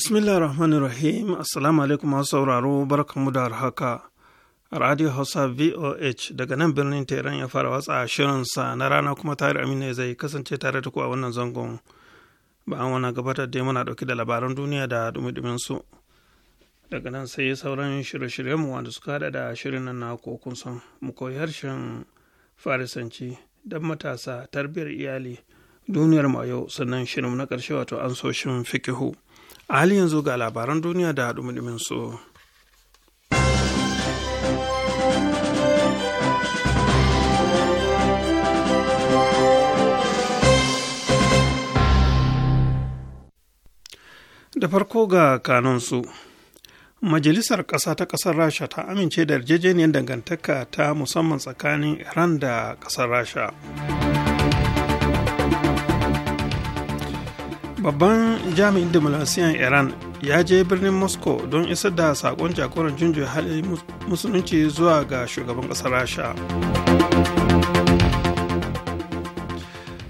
bismillah rahman rahim assalamu alaikum masu sauraro barkanmu da haka radio hausa voh daga nan birnin teran ya fara watsa shirinsa na rana kuma tare amina zai kasance tare da ku a wannan zangon an wani gabatar da muna dauke da labaran duniya da dumi su daga nan sai sauran shirye-shiryenmu wanda suka hada da shirin nan na kokun son mu koyi harshen farisanci don matasa tarbiyyar iyali duniyar mu yau sannan shirin na karshe wato an so shin fikihu a hali yanzu ga labaran duniya da dumudumin su da farko ga kanunsu majalisar ƙasa ta ƙasar rasha ta amince da yarjejeniyar dangantaka ta musamman tsakanin iran da ƙasar rasha babban jami'in dimulasiyan iran ya je birnin moscow don isar da sakon jagoran junjo hali musulunci zuwa ga shugaban kasar rasha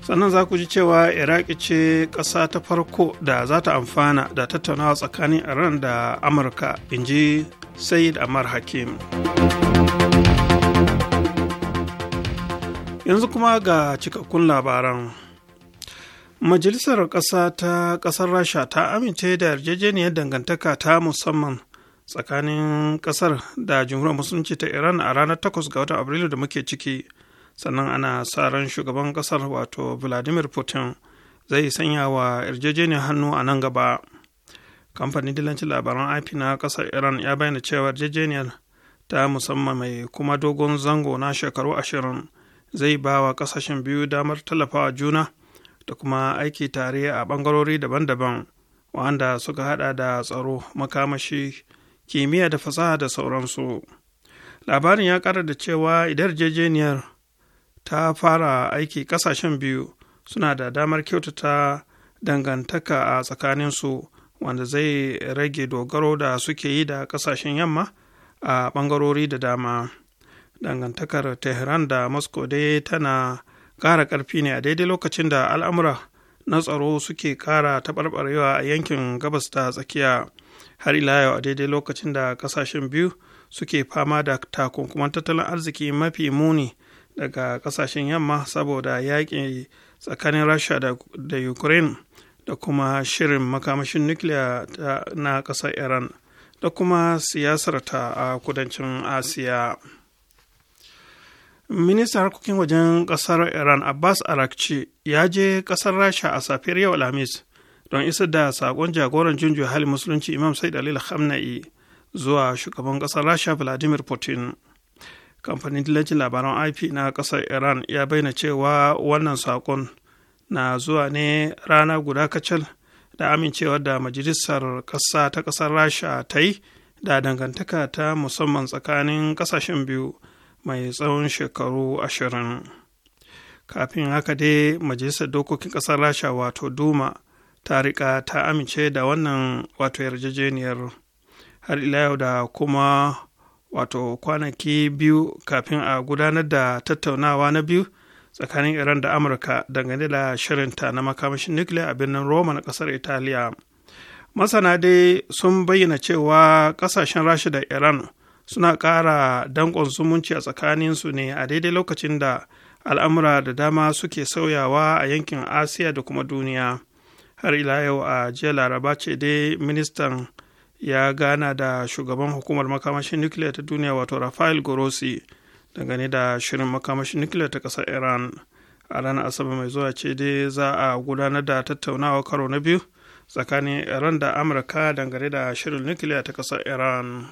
sannan za ku ji cewa iraki ce ƙasa ta farko da za ta amfana da tattaunawa tsakanin iran da amurka in ji sayid amar hakim yanzu kuma ga cikakkun labaran Majalisar ƙasa ta ƙasar Rasha ta amince da yarjejeniyar dangantaka ta musamman tsakanin ƙasar da Jamhuriyar Musulunci ta Iran a ranar 8 ga watan Afrilu da muke ciki. Sannan ana sa ran shugaban ƙasar wato Vladimir Putin zai sanya wa yarjejeniyar hannu a nan gaba. Kamfanin dilancin labaran IP na ƙasar Iran ya bayyana cewa yarjejeniyar ta musamman mai kuma dogon zango na shekaru ashirin zai ba wa ƙasashen biyu damar tallafawa juna. da kuma aiki tare a ɓangarori daban-daban wanda suka hada da tsaro makamashi kimiyya da fasaha da sauransu labarin ya ƙara da cewa idan jejeniyar ta fara aiki ƙasashen biyu suna da damar kyautata dangantaka a tsakaninsu wanda zai rage dogaro da suke yi da ƙasashen yamma a ɓangarori da dama dangantakar tehran da moscow dai tana kara ƙarfi ne a daidai lokacin da al'amura na tsaro suke ƙara taɓarɓarewa a yankin gabas ta tsakiya har ila yau a daidai lokacin da ƙasashen biyu suke fama da takunkuman tattalin arziki mafi muni daga ƙasashen yamma saboda yaƙi tsakanin rasha da ukraine da kuma shirin makamashin nukiliya na ƙasar iran da kuma siyasarta a kudancin asiya. ministan harkokin wajen ƙasar iran abbas arakci ya je ƙasar rasha a safiyar yau alhamis don isa da saƙon jagoran junjo hali musulunci imam said Ali Khamenei zuwa shugaban ƙasar rasha vladimir putin kamfanin dillancin labaran ip na ƙasar iran ya bayyana cewa wannan saƙon na zuwa ne rana guda kacal da amincewa da majalisar ƙasa ta ƙasar rasha ta yi da dangantaka ta musamman tsakanin ƙasashen biyu mai tsawon shekaru ashirin kafin haka dai majalisar dokokin ƙasar rasha wato duma ta riƙa ta amince da wannan wato yarjejeniyar har yau da kuma wato kwanaki biyu kafin a gudanar da tattaunawa na biyu tsakanin iran da amurka dangane da shirinta na makamashin nukiliya a birnin roma na ƙasar italiya masana dai sun bayyana cewa ƙasashen rasha da iran suna ƙara danƙon zumunci a tsakaninsu ne a daidai lokacin da al'amura da dama suke sauyawa a yankin asiya da kuma duniya har ila yau a jiya laraba ce dai ministan ya gana da shugaban hukumar makamashin nukiliya ta duniya wato rafael gorosi dangane da shirin makamashin nukiliya ta ƙasar iran a ranar asabar mai zuwa ce dai za a gudanar da tattaunawa karo na biyu tsakanin iran da amurka dangane da shirin nukiliya ta kasar iran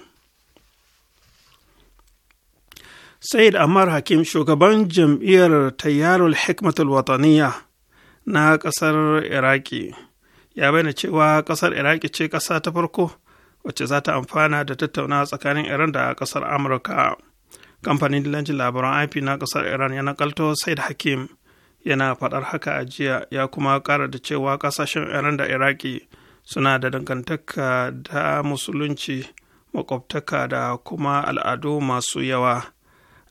Said Ammar Hakim shugaban jam'iyyar Tayyarul Hikmatul Wataniya na ƙasar Iraki ya bayyana cewa ƙasar Iraki ce ƙasa ta farko wacce za ta amfana da tattaunawa tsakanin Iran da ƙasar Amurka. Kamfanin dillancin labaran IP na ƙasar Iran ya nakalto Said Hakim yana faɗar haka a jiya ya kuma ƙara da cewa ƙasashen Iran da Iraki suna da dangantaka da musulunci makwabtaka da kuma al'adu masu yawa.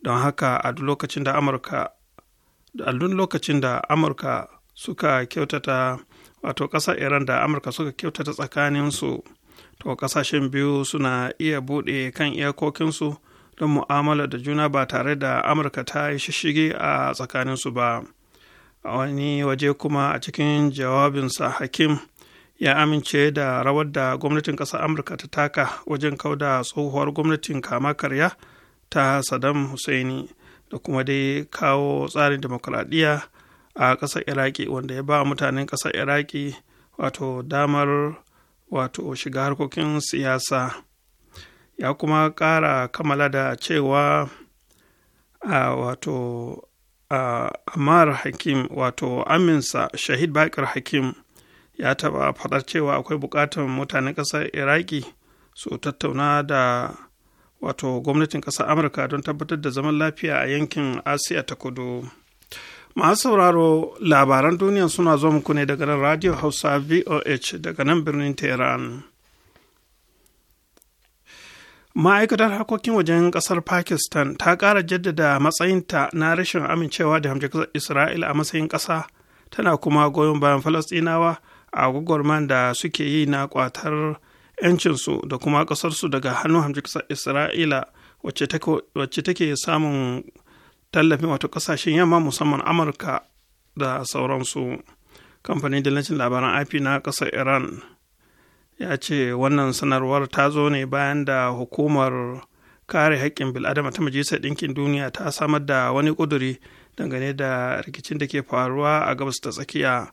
don haka a lokacin da amurka a duk lokacin da amurka suka kyautata wato ƙasar iran da amurka suka kyautata tsakaninsu to ƙasashen biyu suna iya buɗe kan iyakokinsu don mu'amala da juna ba tare da amurka ta yi shishige a tsakaninsu ba a wani waje kuma a cikin jawabinsa hakim ya amince da rawar da gwamnatin ƙasar amurka ta taka wajen kauda tsohuwar gwamnatin kama karya ta saddam Hussaini da kuma dai kawo tsarin demokuraɗiyya a ƙasar iraki wanda ya ba mutanen ƙasar iraki wato damar wato shiga harkokin siyasa ya kuma ƙara kammala da cewa a wato a amar hakim wato aminsa shahid bakir hakim ya taɓa faɗar cewa akwai buƙatar mutanen ƙasar iraki su tattauna da wato gwamnatin ƙasar amurka don tabbatar da zaman lafiya a yankin asiya ta kudu masu sauraro labaran duniya suna zo muku ne daga nan radio hausa voh daga nan birnin tehran ma'aikatar harkokin wajen kasar pakistan ta ƙara jaddada matsayinta na rashin amincewa da hamshe isra'ila a matsayin ƙasa tana kuma goyon bayan falasɗinawa a gwagwarman da suke yi na kwatar. 'yancinsu da kuma ƙasarsu daga hannun ƙasar isra'ila wacce take samun tallafin wato ƙasashen yamma musamman amurka da sauransu kamfanin dillancin labaran ip na ƙasar iran ya ce wannan sanarwar ta zo ne bayan da hukumar kare haƙƙin bil'adama ta majalisar ɗinkin duniya ta samar da wani ƙuduri dangane da rikicin da ke faruwa a gabas ta tsakiya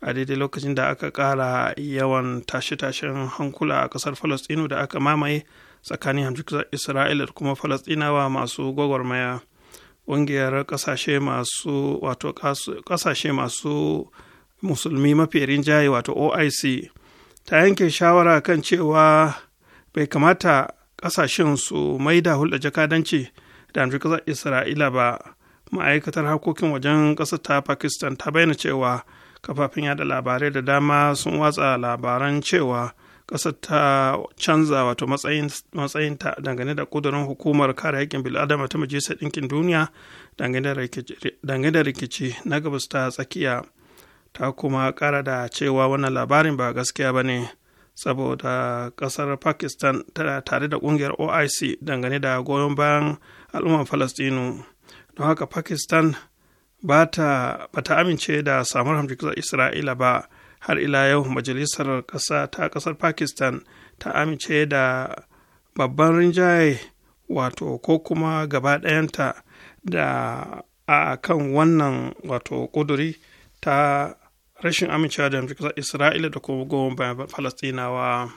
a daidai lokacin da aka ƙara yawan tashe-tashen hankula a ƙasar falastinu da aka mamaye tsakanin hamjikar isra'ila da kuma falastinawa masu gwagwarmaya ƙungiyar ƙasashe masu wato ƙasashe masu musulmi mafi rinjaye wato oic ta yanke shawara kan cewa bai kamata ƙasashen su mai da hulɗa jakadanci da hamjikar isra'ila ba ma'aikatar harkokin wajen ƙasar ta pakistan ta bayyana cewa kafafin yada labarai da dama sun watsa labaran cewa ƙasar ta canza wato matsayinta dangane da ƙudurin hukumar kare haƙƙin bil'adama ta majalisar ɗinkin duniya dangane da rikici na gabas ta tsakiya ta kuma ƙara da cewa wannan labarin ba gaskiya ba ne saboda ƙasar pakistan tare da ƙungiyar oic dangane da goyon bayan al'ummar falastinu don haka pakistan ba ta amince da samar hamjikisar isra'ila ba har ila yau majalisar ƙasa ta ƙasar pakistan ta amince da babban rinjaye wato ko kuma gaba ɗayanta da a kan wannan wato ƙuduri ta rashin amincewa da hamjikisar isra'ila da kuma goma bayan falastinawa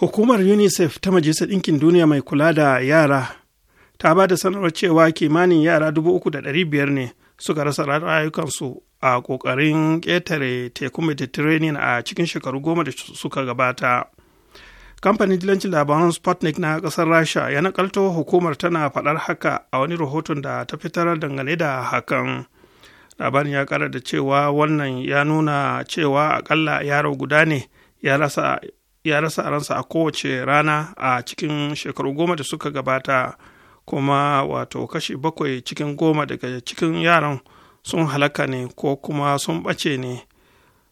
hukumar unicef ta majalisar ɗinkin duniya mai kula da yara ta ba da sanarwar cewa kimanin yara dubu da biyar ne suka rasa rayukansu a kokarin ƙetare tekun mediterranean a cikin shekaru goma da suka gabata kamfanin dilancin labaran sputnik na ƙasar rasha ya nakalto hukumar tana faɗar haka a wani rahoton da ta fitar dangane da hakan labarin ya ƙara da cewa wannan ya nuna cewa akalla yaro guda ne ya rasa ransa a kowace rana a cikin shekaru goma da suka gabata kuma wato kashi bakwai cikin goma daga cikin yaran sun halaka ne ko kuma sun ɓace ne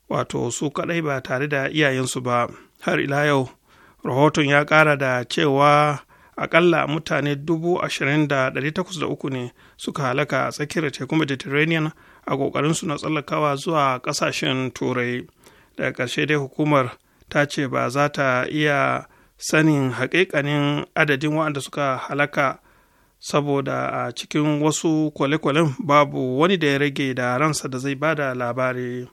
wato su kaɗai ba tare da iyayensu ba har ila yau rahoton ya ƙara da cewa akalla mutane dubu ashirin da ɗari takwas da uku ne suka halaka a tsakiyar tekun mediterranean a ƙoƙarinsu na tsallakawa zuwa ƙasashen turai daga ƙarshe dai hukumar ta ce ba za ta iya sanin haƙiƙanin adadin waɗanda suka halaka saboda a cikin wasu kwale-kwalen babu wani da ya rage da ransa da zai bada labari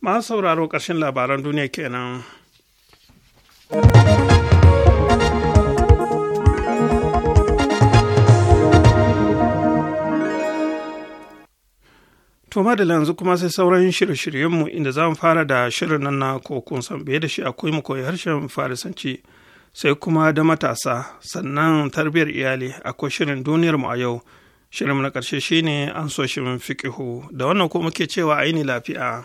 masu sauraro ƙarshen labaran duniya kenan. To da yanzu kuma sai sauran shirye-shiryenmu inda za mu fara da shirin nan na kokun san da shi akwai mu koyi harshen farisanci sai kuma da matasa sannan tarbiyyar iyali akwai shirin duniyar mu a yau shirin na ƙarshe shine an so shirin fiƙihu da wannan ko muke cewa a lafiya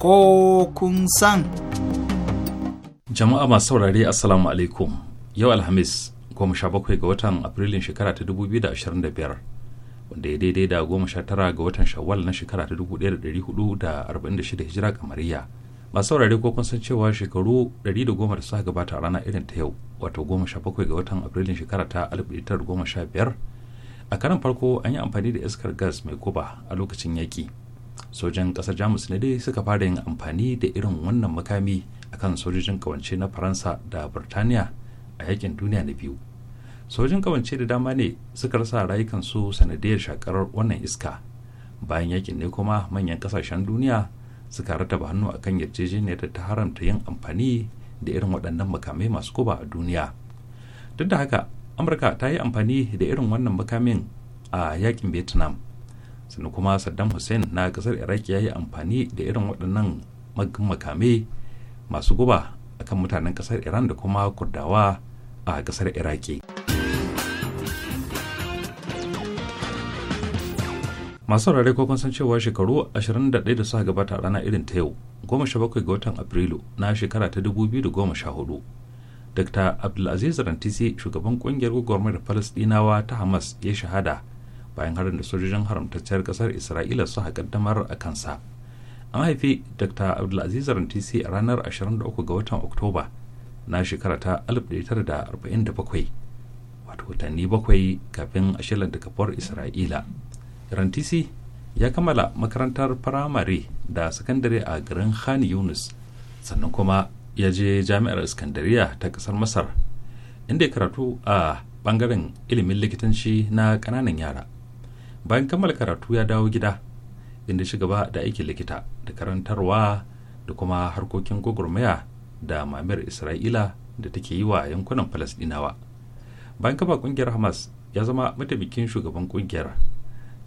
ko kun san jama'a masu saurare assalamu alaikum yau alhamis 17 bakwai ga watan afrilun shekara ta 2025 wanda ya daidai da goma sha tara ga watan shawwal na shekara ta dubu ɗaya da ɗari hudu da arba'in da shida hijira kamariya masu saurare ko kun san cewa shekaru ɗari da goma da suka gabata a rana irin ta yau wato goma sha bakwai ga watan afrilun shekara ta alif ɗaya tara goma sha biyar a karan farko an yi amfani da iskar gas mai guba a lokacin yaƙi sojan ƙasar jamus ne dai suka fara yin amfani da irin wannan makami akan sojojin kawance na faransa da Birtaniya a yakin duniya na biyu sojin kawance da dama ne suka rasa rayukansu sanadiyar shakarar wannan iska bayan yakin ne kuma manyan kasashen duniya suka rataba hannu akan yarjejeniyar da ta haramta yin amfani da irin waɗannan makamai masu guba a duniya duk da haka amurka ta yi amfani da irin wannan makamin a yakin vietnam sannan kuma saddam hussein na ƙasar iraki ya yi amfani da irin waɗannan makamai masu guba akan mutanen ƙasar iran da kuma kurdawa a ƙasar iraki. masu rarrai ko kun san cewa shekaru 21 da suka gabata a rana irin ta yau 17 ga watan afrilu na shekara ta 2014 dr abdulaziz rantisi shugaban kungiyar gwagwarmar falasdinawa ta hamas ya shahada bayan harin da sojojin haramtacciyar kasar isra'ila suka kaddamar a kansa an haifi dr abdulaziz rantisi a ranar 23 ga watan oktoba na shekara ta 1947 wato watanni bakwai kafin a shilanta isra'ila rantisi ya kammala makarantar firamare da sakandare a garin khan yunus sannan kuma ya je jami'ar iskandariya ta kasar masar inda ya karatu a bangaren ilimin likitanci na kananan yara bayan kammala karatu ya dawo gida inda shi da aikin likita da karantarwa da kuma harkokin gwagwarmaya da mamayar isra'ila da take yi wa yankunan falasdinawa bayan kafa kungiyar hamas ya zama mataimakin shugaban kungiyar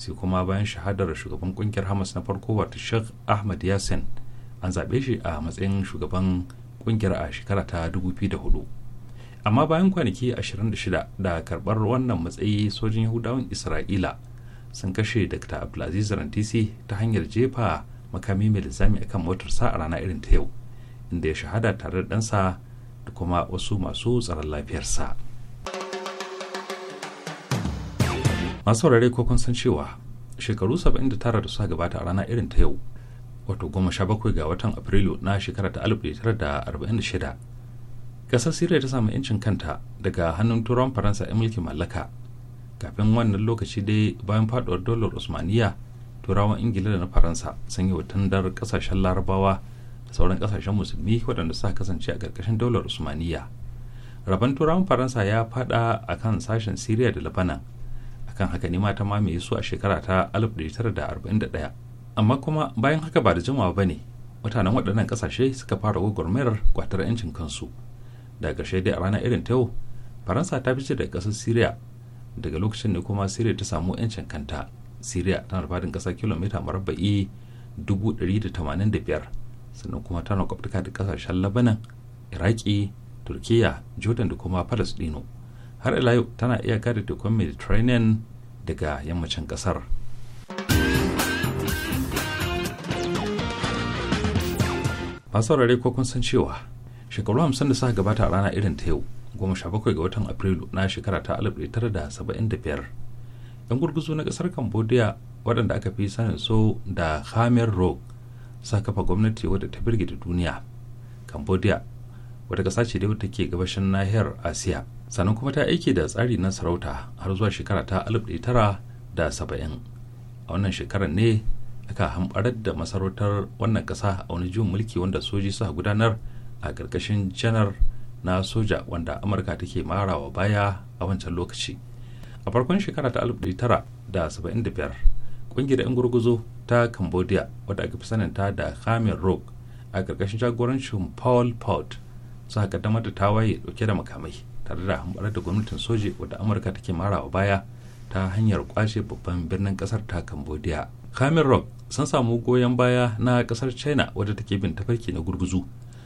sai kuma bayan shahadar shugaban kungiyar hamas na farko wato sheikh ahmad yasin an zaɓe shi a matsayin shugaban kungiyar a shekara ta 2004 amma bayan kwanaki 26 da karɓar wannan matsayi sojin yahudawan isra'ila sun kashe dr abdulaziz rantisi ta hanyar jefa makami mai lizami akan motarsa a rana irin ta yau inda ya shahada tare da ɗansa da kuma wasu masu tsaron lafiyarsa. masu saurare ko kun san cewa shekaru 79 da suka gabata a rana irin ta yau wato 17 ga watan afrilu na shekara ta 1946 kasar siriya ta samu 'yancin kanta daga hannun turon faransa 'yan mulkin mallaka kafin wannan lokaci dai bayan faduwar dolar usmaniya turawan ingila da na faransa sun yi watandar kasashen larabawa da sauran kasashen musulmi waɗanda suka kasance a ƙarƙashin daular usmaniya rabon turawan faransa ya fada a kan sashen siriya da labanan kan haka ne mata mamaye su a shekara ta 1941 amma kuma bayan haka ba da jimawa ba ne mutanen waɗannan ƙasashe suka fara gwagwarmayar kwatar 'yancin kansu daga ƙarshe dai a ranar irin ta yau faransa ta fice daga ƙasar siriya daga lokacin ne kuma syria ta samu 'yancin kanta siriya tana faɗin ƙasa kilomita marabba'i 185 sannan kuma tana kwaftuka da ƙasashen labanan iraki turkiya jordan da kuma palestino har ila yau tana iyaka da tekun mediterranean daga yammacin kasar masu ko kun san cewa shekaru hamsin da suka gabata a rana irin ta yau goma sha bakwai ga watan afrilu na shekara ta alif tara da saba'in da biyar yan gurguzu na kasar cambodia waɗanda aka fi sanin so da khmer rock sa kafa gwamnati wadda ta birgita duniya cambodia wata ƙasa ce da ke gabashin nahiyar asiya sannan kuma ta aiki da tsari na sarauta har zuwa shekara ta 1970 a wannan shekarar ne aka hamɓarar da masarautar wannan ƙasa a wani jin mulki wanda soji suka gudanar a ƙarƙashin janar na soja wanda amurka take marawa baya a wancan lokaci a farkon shekara ta 1975 ƙungiyar 'yan gurguzo ta cambodia wadda aka fi saninta da kamin rock a ƙarƙashin jagorancin paul pot suka kaddamar da tawaye dauke da makamai tare da hamɓarar da gwamnatin soji wadda amurka take wa baya ta hanyar kwashe babban birnin kasar ta cambodia kamin rock sun samu goyon baya na kasar china wadda take bin tafarki na gurguzu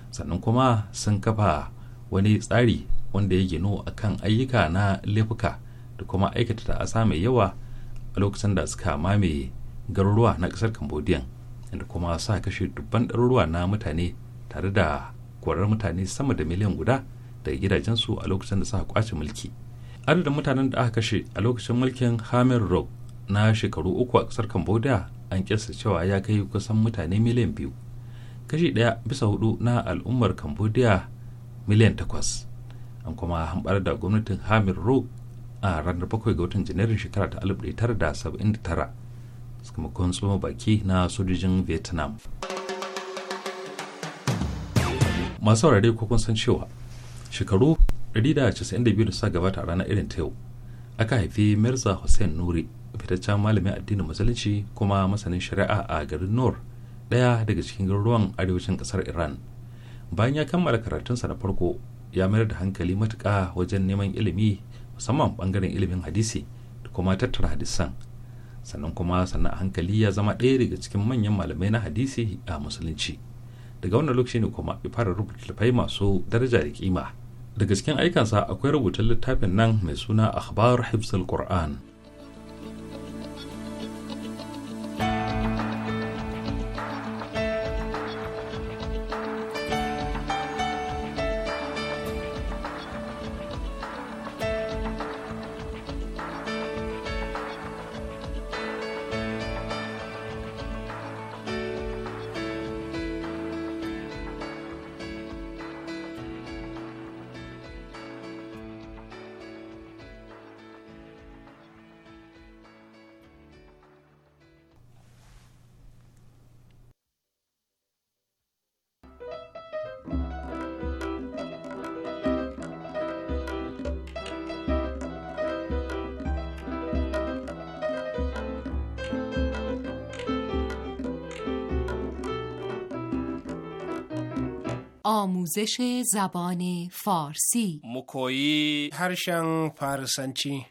sannan kuma sun kafa wani tsari wanda ya gino a kan ayyuka na laifuka da kuma aikata ta ta'asa mai yawa a lokacin da suka mamaye garuruwa na kasar cambodia inda kuma sa kashe dubban ɗaruruwa na mutane tare da korar mutane sama da miliyan guda daga gidajensu a lokacin da suka kwace mulki adadin mutanen da aka kashe a lokacin mulkin hamir rock na shekaru uku a kasar cambodia an kyasta cewa ya kai kusan mutane miliyan biyu kashi ɗaya bisa hudu na al'ummar cambodia miliyan takwas an kuma hambar da gwamnatin hamir rock a ranar bakwai ga watan janairun shekara ta 1979 sakamakon tsoma baki na sojojin vietnam masu saurare ko kun san cewa shekaru 192 da suka gabata a ranar irin ta yau aka haifi mirza hussein nuri fitaccen malamin addinin musulunci kuma masanin shari'a a garin nor daya daga cikin garuruwan arewacin kasar iran bayan ya kammala karatunsa na farko ya mayar da hankali matuka wajen neman ilimi musamman bangaren ilimin hadisi da kuma tattara hadisan sannan kuma sannan hankali ya zama ɗaya daga cikin manyan malamai na hadisi a musulunci daga wannan lokaci ne kuma ya fara rubuta masu daraja da kima daga cikin aikansa akwai rubutun littafin nan mai suna akhbar hibsul qur'an آموزش زبان فارسی مکویی هرشن فارسنچی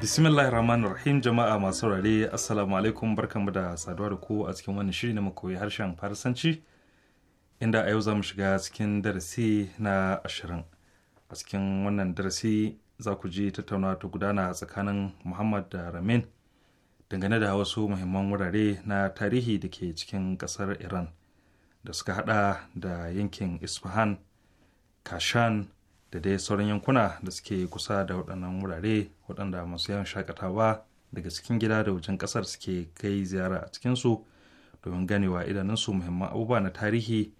bismillahir rahmanir rahim jama'a masu saurare assalamu alaikum barkanmu da saduwa da ku a cikin wannan shiri na makoyi harshen farisanci inda a yau za mu shiga cikin darasi na ashirin a cikin wannan darasi za ku ji tattaunawa ta gudana tsakanin muhammad da ramin dangane da wasu muhimman wurare na tarihi da ke cikin kasar iran da suka hada da yankin isfahan kashan da dai sauran yankuna da suke kusa da waɗannan wurare waɗanda masu yawan shakatawa daga cikin gida da wajen ƙasar suke kai ziyara a cikinsu domin ganewa idanunsu muhimman abubuwa na tarihi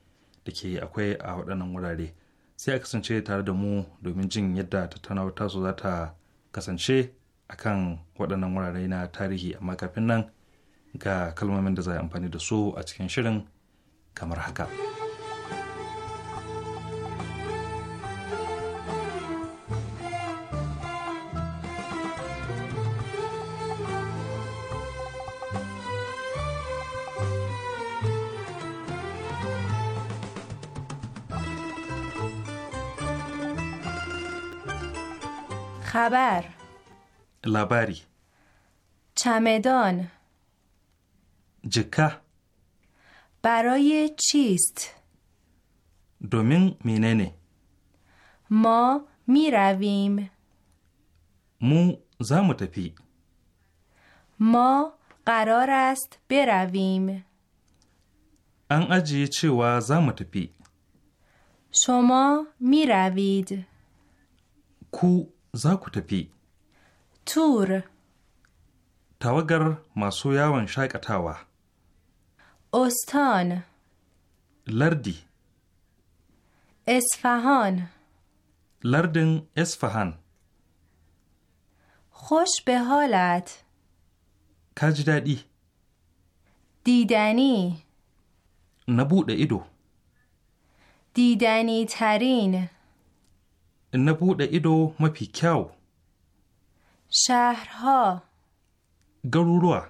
da ke akwai a waɗannan wurare sai a kasance tare da mu domin jin yadda tattaunawar tasu za ta kasance akan waɗannan wurare na tarihi amma kafin nan ga kalmomin da za a amfani da su a cikin shirin kamar haka. خبر لبری چمدان جکه برای چیست؟ دومین میننه ما می رویم مو زمو ما قرار است برویم ان اجیه و زمو تپی شما می روید کو زاکو تپی تور تاوگر ماسو یاون شقتاوا استان لردی اصفهان لردن اصفهان خوش به حالت کج ددی دیدانی نبوده ایدو دیدانی ترین نبوده ایدو مفی کائو شهرها گرورو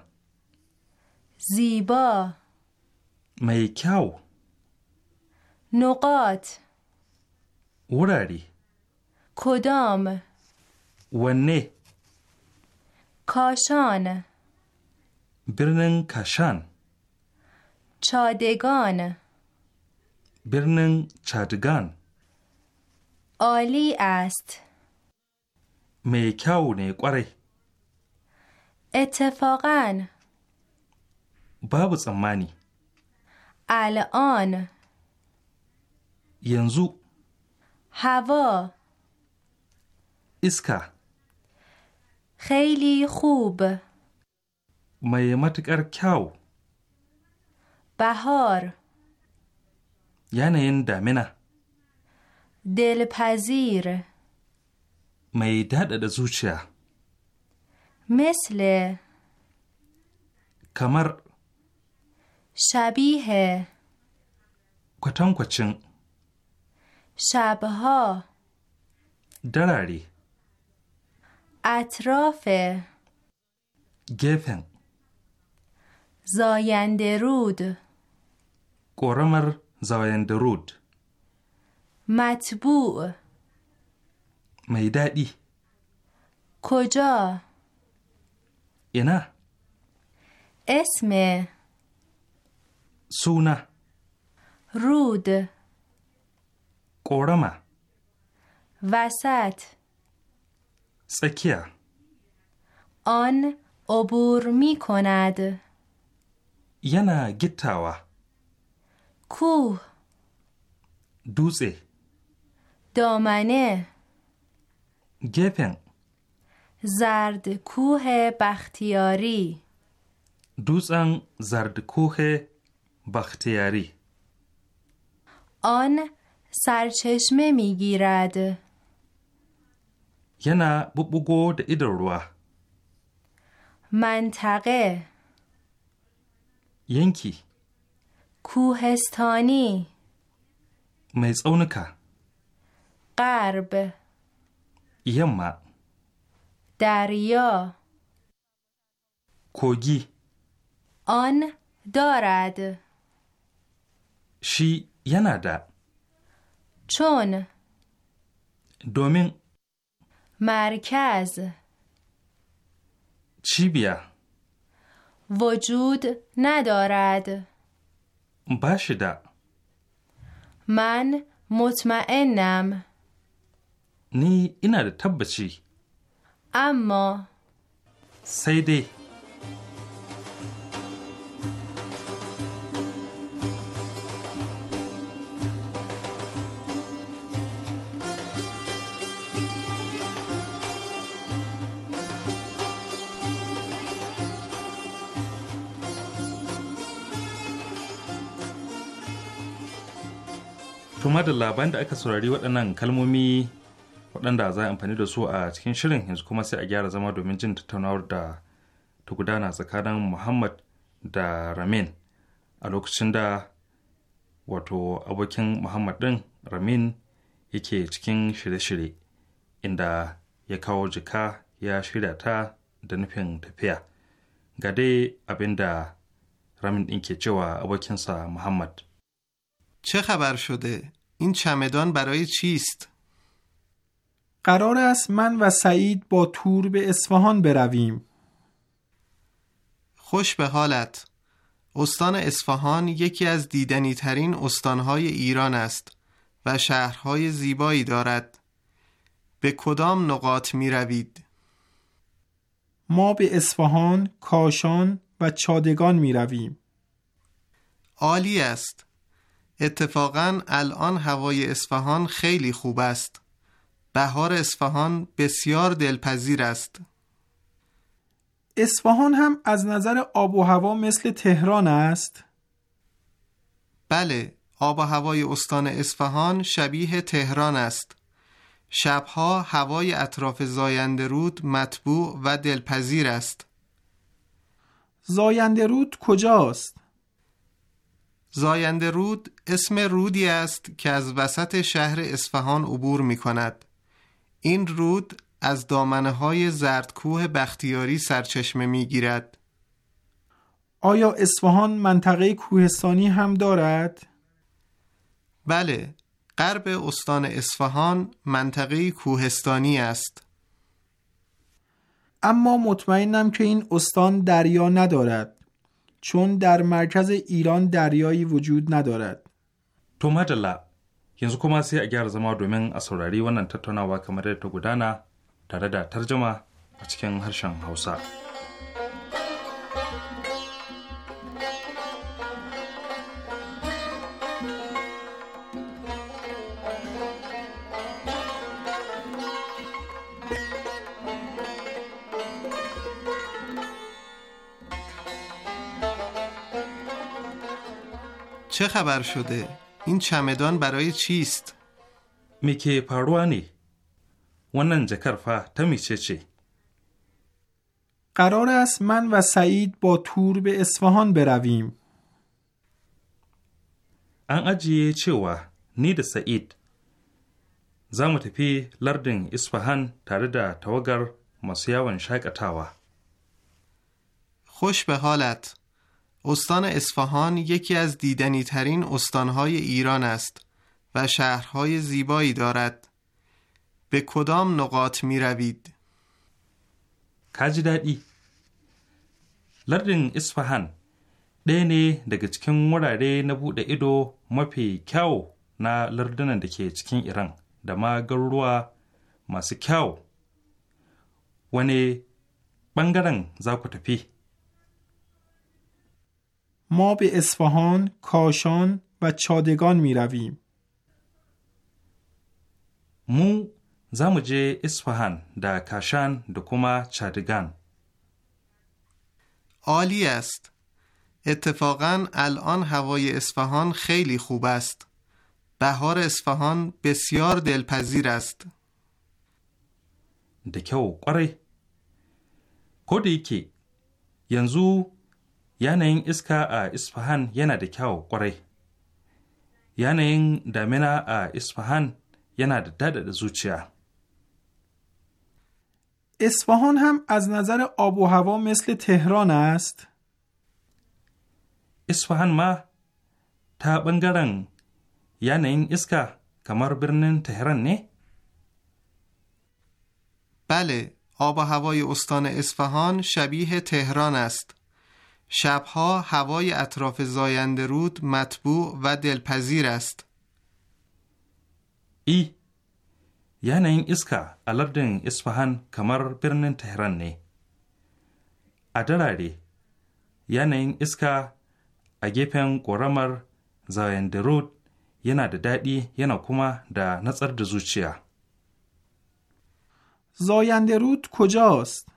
زیبا میکاو نقاط وراری کدام ونه کاشان برنن کاشان چادگان برنن چادگان عالی است می نه قره اتفاقا بابو تسمانی الان ینزو هوا اسکا خیلی خوب می متکر کیاو بهار یعنی دامنه دلپذیر mai daɗaɗa zuciya. Misle. Kamar. Shabihe. Kwatankwacin. Shabaho. Darari. Atrofe. Gefen. Zoyanderud. Ƙoramar rud Matbu'u. میدادی؟ کجا اینا اسم سونا رود قرما وسط سکیا آن عبور می کند ینا گتاوا کوه دوزه دامنه گپن زرد کوه بختیاری دوزن زرد کوه بختیاری آن سرچشمه میگیرد ینا ببگو د ایدروا منطقه ینکی کوهستانی میزونکا غرب یما دریا کوگی آن دارد شی یندا چون دومین مرکز چی بیا وجود ندارد باشده من مطمئنم ni ina da tabbaci. amma. sai dai. Tuma da labaran da aka saurari waɗannan kalmomi waɗanda za a amfani da su a cikin shirin yanzu kuma sai a gyara zama domin jin tattaunawar da ta gudana tsakanin muhammad da ramin a lokacin da wato abokin muhammad ɗin ramin yake cikin shirye-shirye inda ya kawo jika ya shirya ta da nufin tafiya ga dai abin da ramin ɗin ke cewa abokinsa muhammad چه خبر شده؟ این cist. قرار است من و سعید با تور به اصفهان برویم خوش به حالت استان اصفهان یکی از دیدنی ترین استانهای ایران است و شهرهای زیبایی دارد به کدام نقاط می روید؟ ما به اصفهان، کاشان و چادگان می رویم عالی است اتفاقا الان هوای اصفهان خیلی خوب است بهار اصفهان بسیار دلپذیر است. اصفهان هم از نظر آب و هوا مثل تهران است؟ بله، آب و هوای استان اصفهان شبیه تهران است. شبها هوای اطراف زاینده رود مطبوع و دلپذیر است. زاینده رود کجاست؟ زاینده رود اسم رودی است که از وسط شهر اصفهان عبور می کند. این رود از دامنه های زردکوه بختیاری سرچشمه می گیرد. آیا اصفهان منطقه کوهستانی هم دارد؟ بله، غرب استان اصفهان منطقه کوهستانی است. اما مطمئنم که این استان دریا ندارد چون در مرکز ایران دریایی وجود ندارد. تو yanzu kuma sai a gyara zama domin a saurari wannan tattaunawa kamar yadda ta gudana tare da tarjama a cikin harshen hausa. چه خبر شده؟ این چمدان برای چیست؟ میکی پاروانی ونن جکرفا تمی چه چی؟ قرار است من و سعید با تور به اصفهان برویم. ان اجیه چوا نی نید سعید za پی لردن اصفهان Isfahan توگر مسیاون tawagar masu خوش به حالت استان اصفهان یکی از دیدنی ترین استانهای ایران است و شهرهای زیبایی دارد. به کدام نقاط می روید؟ کجدادی لردن اصفهان دینه دگه چکن مراره نبود ایدو مپی کیاو نا لردن دکه چکن ایران دما گروروا ماسی کیاو ونه بنگرن زاکو تپیه ما به اصفهان، کاشان و چادگان می رویم. مو زموجه اصفهان دا کاشان دکوما چادگان عالی است. اتفاقا الان هوای اصفهان خیلی خوب است. بهار اصفهان بسیار دلپذیر است. دکه و قره. کدیکی. da یعنی اسکا ا اسفهان یه نده کیاو قره یعنی دامنا ا اسفهان یه نده داده زوچیا اسفهان هم از نظر آب و هوا مثل تهران است؟ اسفهان ما تا بنگرن یعنی این اسکا کمر برنن تهران نه؟ بله آب و هوای استان اصفهان شبیه تهران است شبها هوای اطراف زاینده رود مطبوع و دلپذیر است. ای یعنی اسکا الابدن اسفهان کمر برنن تهران نی. ادراری یعنی اسکا اگیپن قرمر زاینده رود ینا ده دادی ینا کما ده نصر ده زاینده رود کجاست؟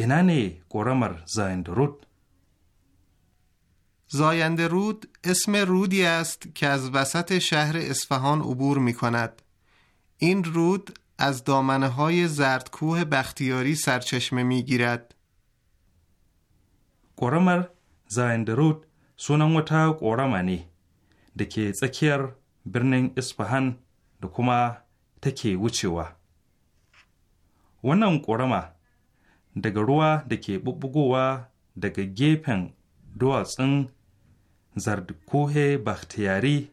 اینا نه زایند رود زاینده رود اسم رودی است که از وسط شهر اصفهان عبور می کند. این رود از دامنه های زردکوه بختیاری سرچشمه می گیرد. قرمر زایند رود سونموتا وتا قرمه زکیر ke tsakiyar birnin تکی da kuma take daga ruwa da ke bubbugowa daga gefen duwatsun zardukohe bakhtiyari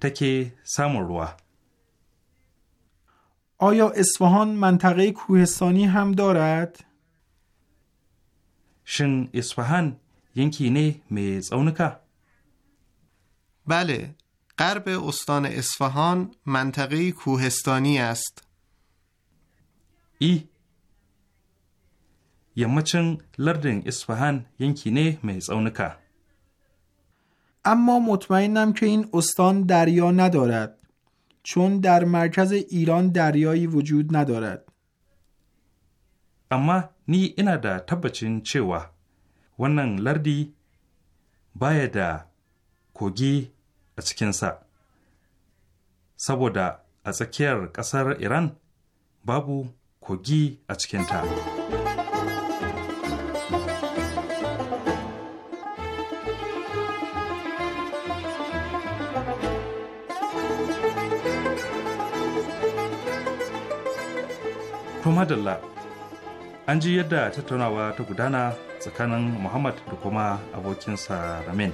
take samun ruwa. آیا اصفهان منطقه کوهستانی هم دارد؟ شن اصفهان ینکی نه میز اونکا؟ بله، غرب استان اصفهان منطقه کوهستانی است. ای yammacin lardin Isfahan yanki ne mai tsaunuka. Amma mutmainam ke in ustan dariya nadarad, chun dar markaz iran dariya yi wujud nadarad. Amma ni ina da tabbacin cewa wannan lardi baya da kogi a cikinsa, saboda a tsakiyar ƙasar Iran babu kogi a cikinta. To madalla an ji yadda tattaunawa ta gudana tsakanin Muhammad da kuma abokinsa Ramin.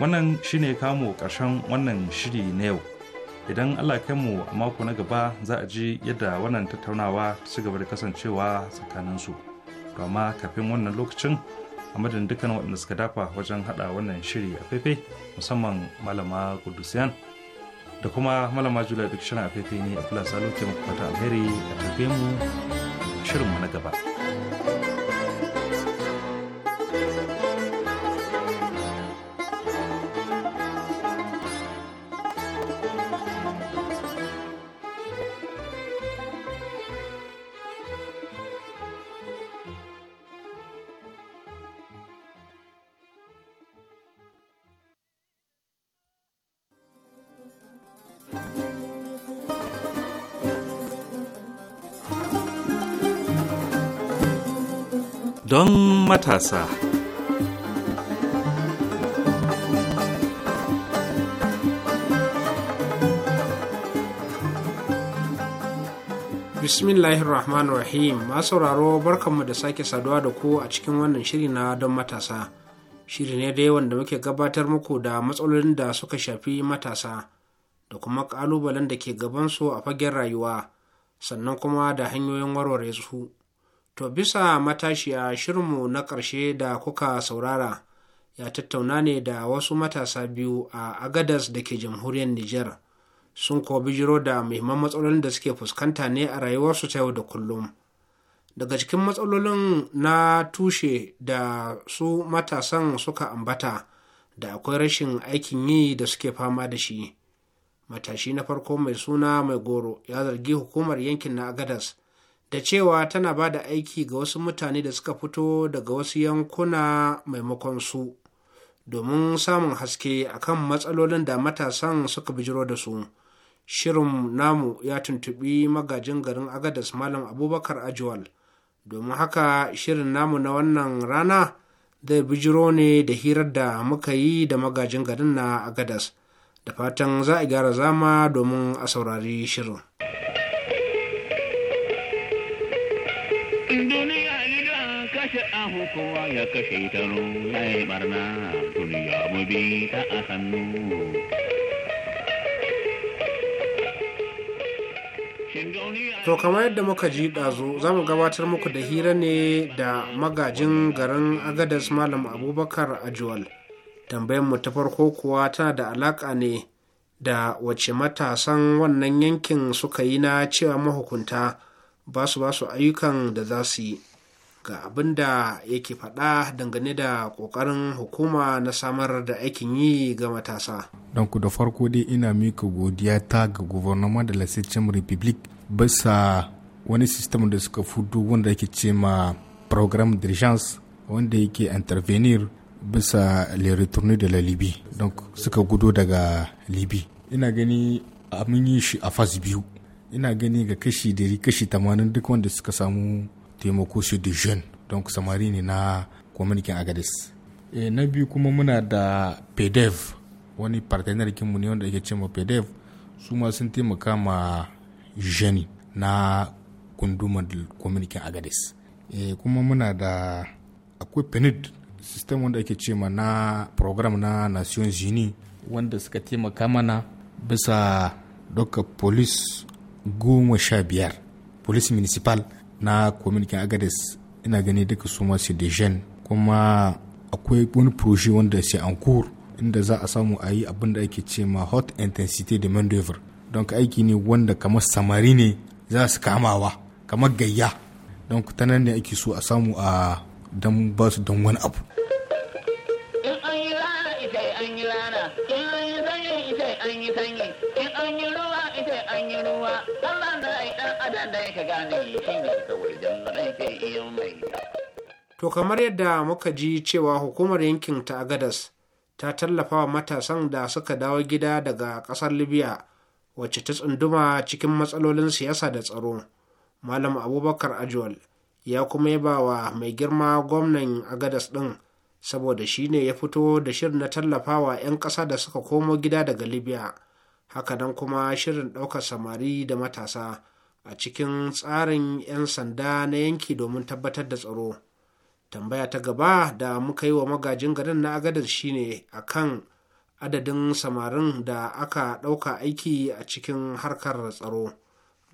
Wannan shine kamo ƙarshen wannan shiri na yau. Idan Allah kai mu a mako na gaba za a ji yadda wannan tattaunawa ta ci gaba da kasancewa tsakaninsu. To amma kafin wannan lokacin a madadin dukkan waɗanda suka dafa wajen haɗa wannan shiri a faifai musamman malama kudusiyan da kuma malama jula duk shirin a faifai ne a kula a ke alheri a tafiye mu shirinmu na gaba. matasa. Bismillahirrahmanirrahim masu sauraro barkanmu da sake saduwa da ku a cikin wannan shiri na don matasa. Shiri ne da yawan da muke gabatar muku da matsalolin da suka shafi matasa da kuma ƙalubalen da ke gabansu a fagen rayuwa sannan kuma da hanyoyin warware su. To bisa matashiya shirinmu na ƙarshe da kuka saurara ya tattauna ne da wasu matasa biyu a Agadas da ke jamhuriyar Nijar. Sun kobi bijiro da muhimman matsalolin da suke fuskanta ne a rayuwarsu ta yau da kullum. Daga cikin matsalolin na tushe da su matasan suka ambata da akwai rashin aikin yi da suke fama da shi. Matashi na farko mai suna mai goro ya zargi hukumar yankin na Agadas. da cewa tana ba da aiki ga wasu mutane da suka fito daga wasu yankuna maimakon su domin samun haske akan matsalolin da matasan suka bijiro da su shirin namu ya tuntubi magajin garin agadas malam abubakar ajiwal domin haka shirin namu na wannan rana zai bijiro ne da hirar da muka yi da magajin garin na agadas da fatan za a gyara zama domin a saurari shirin ahu kowa ya kashe ta ya barna duniya mu bi ta a hannu To kamar yadda muka ji ɗazu za mu gabatar muku da hira ne da magajin garin Agadas Malam Abubakar a Ajuwal. mu ta farko kuwa tana da alaƙa ne da wace matasan wannan yankin suka yi na cewa mahukunta basu-basu ayyukan da za su yi. ga abin da yake faɗa dangane da ƙoƙarin hukuma na samar da aikin yi ga matasa. ku da farko dai ina mika godiya ta ga gwamnati da lasicin republic bisa wani sistem da suka fudu wanda yake ce ma program d'urgence wanda yake intervenir bisa le retourne de la libye donc suka gudo daga libye ina gani a yi shi a fas biyu ina gani ga kashi da kashi tamanin duk wanda suka samu taimako su de jeune don samari ne na kwamitin agadis e, eh, na biyu kuma muna da pedev wani partner kinmu ne wanda ake cewa pedev su ma sun taimaka ma jeune na gundumar kwamitin agadis e, eh, kuma muna da akwai penid system wanda ake cewa na program na nations unis wanda suka taimaka mana bisa doka police goma sha biyar police municipal na kwamitin agadis ina gani duka su masu dejen kuma akwai wani proje wanda sai an inda za a samu a yi abin da ake ce ma hot intensity de maneuver don ka aiki ne wanda kamar samari ne za su kamawa kamar gayya don ta nan ne ake so a samu a dan ba su don wani abu an yi ruwa ita an yi ruwa da gane shi ne kawai da ke iya mai To kamar yadda muka ji cewa hukumar yankin ta Agadas ta tallafa wa matasan da suka dawo gida daga ƙasar Libya wacce ta tsunduma cikin matsalolin siyasa da tsaro. Malam Abubakar Ajwal ya kuma yaba wa mai girma gwamnan Agadas ɗin saboda shi ne ya fito da shirin na tallafa wa 'yan ƙasa da suka komo gida daga Libya. Hakanan kuma shirin ɗaukar samari da matasa. a cikin tsarin 'yan sanda na yanki domin tabbatar da tsaro tambaya ta gaba da muka yi wa magajin garin na agadar shine a kan adadin samarin da aka ɗauka aiki a cikin harkar tsaro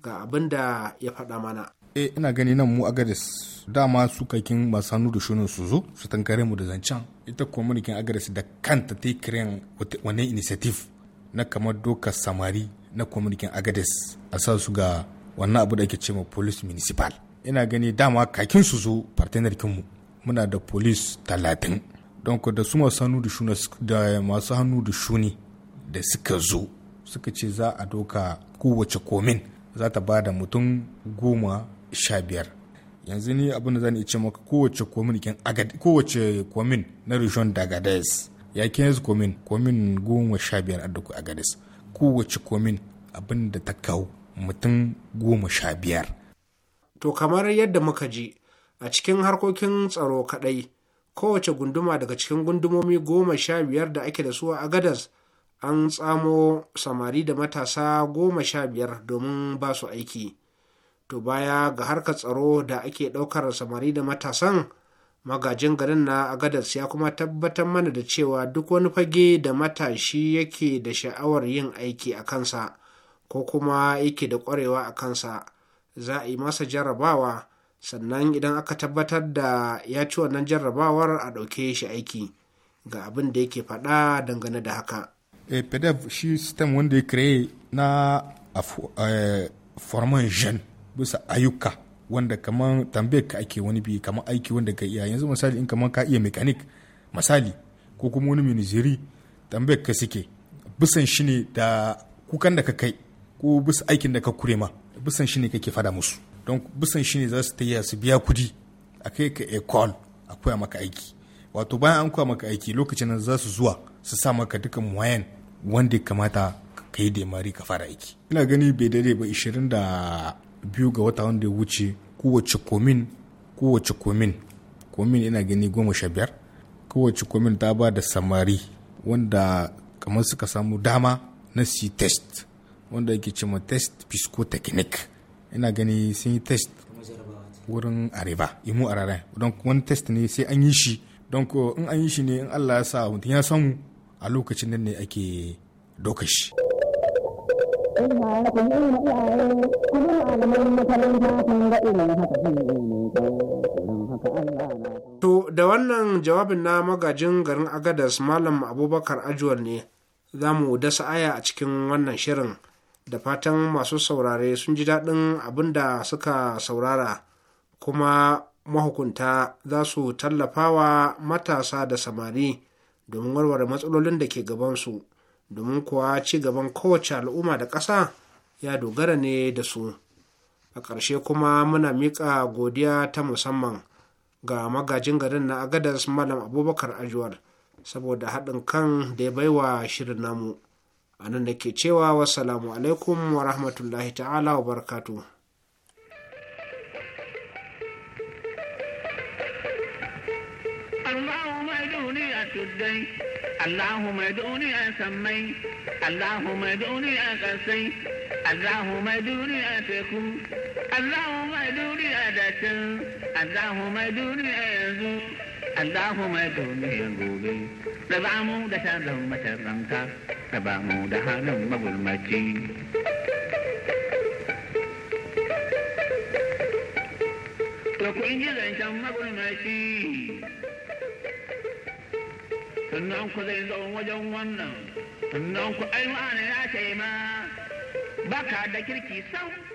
ga abin da ya faɗa mana e ina gani nan mu agadis dama su kakin masu hannu da shunin su zo su tankare mu da zancen ita kuma mulkin agadis da kanta ta yi kiran wani initiative na kamar dokar samari na kwamitin agadis a sa su ga wannan abu da ake ce police municipal ina gani dama kakin su zo partner kinmu muna da police talatin don da su masu hannu da shuni da masu hannu da shuni da suka zo suka ce za a doka kowace komin za ta ba da mutum goma sha biyar yanzu ni abin da zan ce maka kowace komin kowace komin na region dagades ya yanzu komin komin goma sha biyar a agades kowace komin abin da ta kawo mutum goma sha biyar. To kamar yadda muka ji a cikin harkokin tsaro kaɗai kowace gunduma daga cikin gundumomi goma sha biyar da ake da su a gadas an tsamo samari da matasa goma sha biyar domin ba su aiki. To baya ga harkar tsaro da ake ɗaukar samari da matasan magajin garin na agadas ya kuma tabbatar mana da cewa duk wani fage da matashi yake da sha'awar yin aiki a kansa ko kuma yake da ƙwarewa a kansa za a yi masa jarrabawa sannan idan aka tabbatar da ya ci wannan jarrabawar a ɗauke shi aiki ga abin da yake faɗa dangane da haka. e eh, pdf shi sistem wanda ya kire na eh, forman jen bisa ayyuka wanda kamar tambayar ka ake wani bi kamar aiki wanda ka iya yanzu misali in kamar ka iya mekanik misali ko kuma wani miniziri tambayar ka suke bisan shi ne da kukan da ka kai ko bisa aikin da ka kure ma bisan shi ne kake fada musu don bisan shi ne za su tayya su biya kudi a kai ka ecol a koya maka aiki wato bayan an koya maka aiki lokacin nan za su zuwa su sa maka duka muwayan wanda kamata ka yi demari ka fara aiki ina gani bai dare ba 22 ga wata wanda ya wuce kowace komin kowace komin komin ina gani goma sha biyar kowace komin ta ba da samari wanda kamar suka samu dama na c test wanda yake ce ma test psychotechnic ina gani sun yi test wurin areba imu araren don wani test ne sai an yi shi don ko in an yi shi ne in allah ya sa mutum ya samu a lokacin nan ne ake doka shi To da wannan jawabin na magajin garin Agadas Malam Abubakar Ajuwal ne za mu dasa aya a cikin wannan shirin da fatan masu saurare sun ji daɗin abin da suka saurara kuma mahukunta za su tallafawa matasa da samari domin warware matsalolin da ke gabansu domin kuwa ci gaban kowace al'umma da ƙasa ya dogara ne da su a ƙarshe kuma muna miƙa godiya ta musamman ga magajin garin na agadas malam abubakar ajuwar saboda haɗin kan da ya baiwa shirin namu a nan da ke cewa wasalamu alaikum wa rahmatullahi ta'ala wa barakatuh tuddai Allahu mai duniya sammai Allahu mai duniya kasai Allahumma duniya teku Allahumma duniya dacin Allahu duniya yanzu Allahumma ya domin gobe, raba mu da shalon mataranta, raba mu da halin magulmaci. To kun ji zancen magulmaci, sannan ku zai zo wajen wannan, sannan ku ai ma'ana ya ce ma, baka da kirki sau.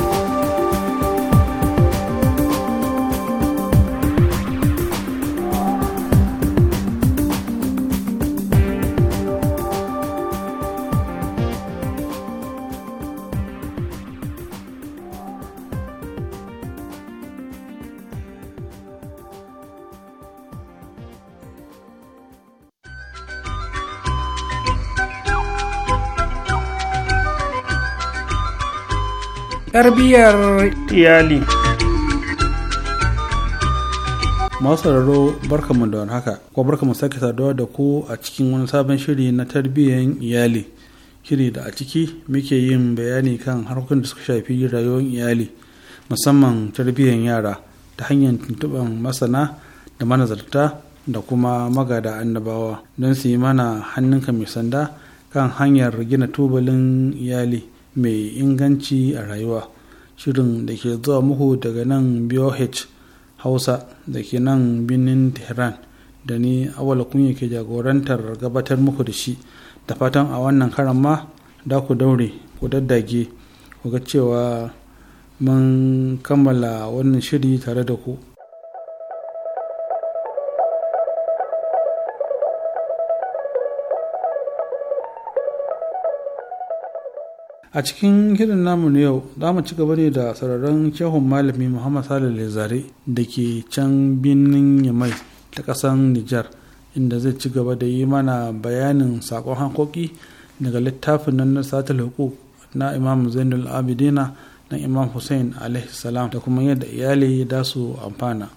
tarbiyyar iyali masu "Barka barkamu da wani haka ko barkamu sake saduwa da ku a cikin wani sabon shiri na tarbiyyar iyali shiri da a ciki muke yin bayani kan harkokin da suka shafi rayuwar iyali musamman tarbiyyar yara ta hanyar tuntuɓar masana da manazarta da kuma magada annabawa don su yi mana hannunka mai sanda kan hanyar gina tubalin iyali mai inganci a rayuwa shirin da ke zuwa muku daga nan BOH Hausa da ke nan birnin Tehran da ni awala kunya ke jagorantar gabatar muku da shi da fatan a wannan karan ma da ku daure ku daddage ku ga cewa mun kammala wannan shiri tare da ku a cikin hirin namu na yau za mu ci gaba ne da sararin shehun malami muhammad salih lezare da ke can birnin yamai ta kasan nijar inda zai ci gaba da yi mana bayanin sakon hankoki daga littafin nan na satul hukuk na imam zainul abidina na imam hussein alaihi da kuma yadda iyali da su amfana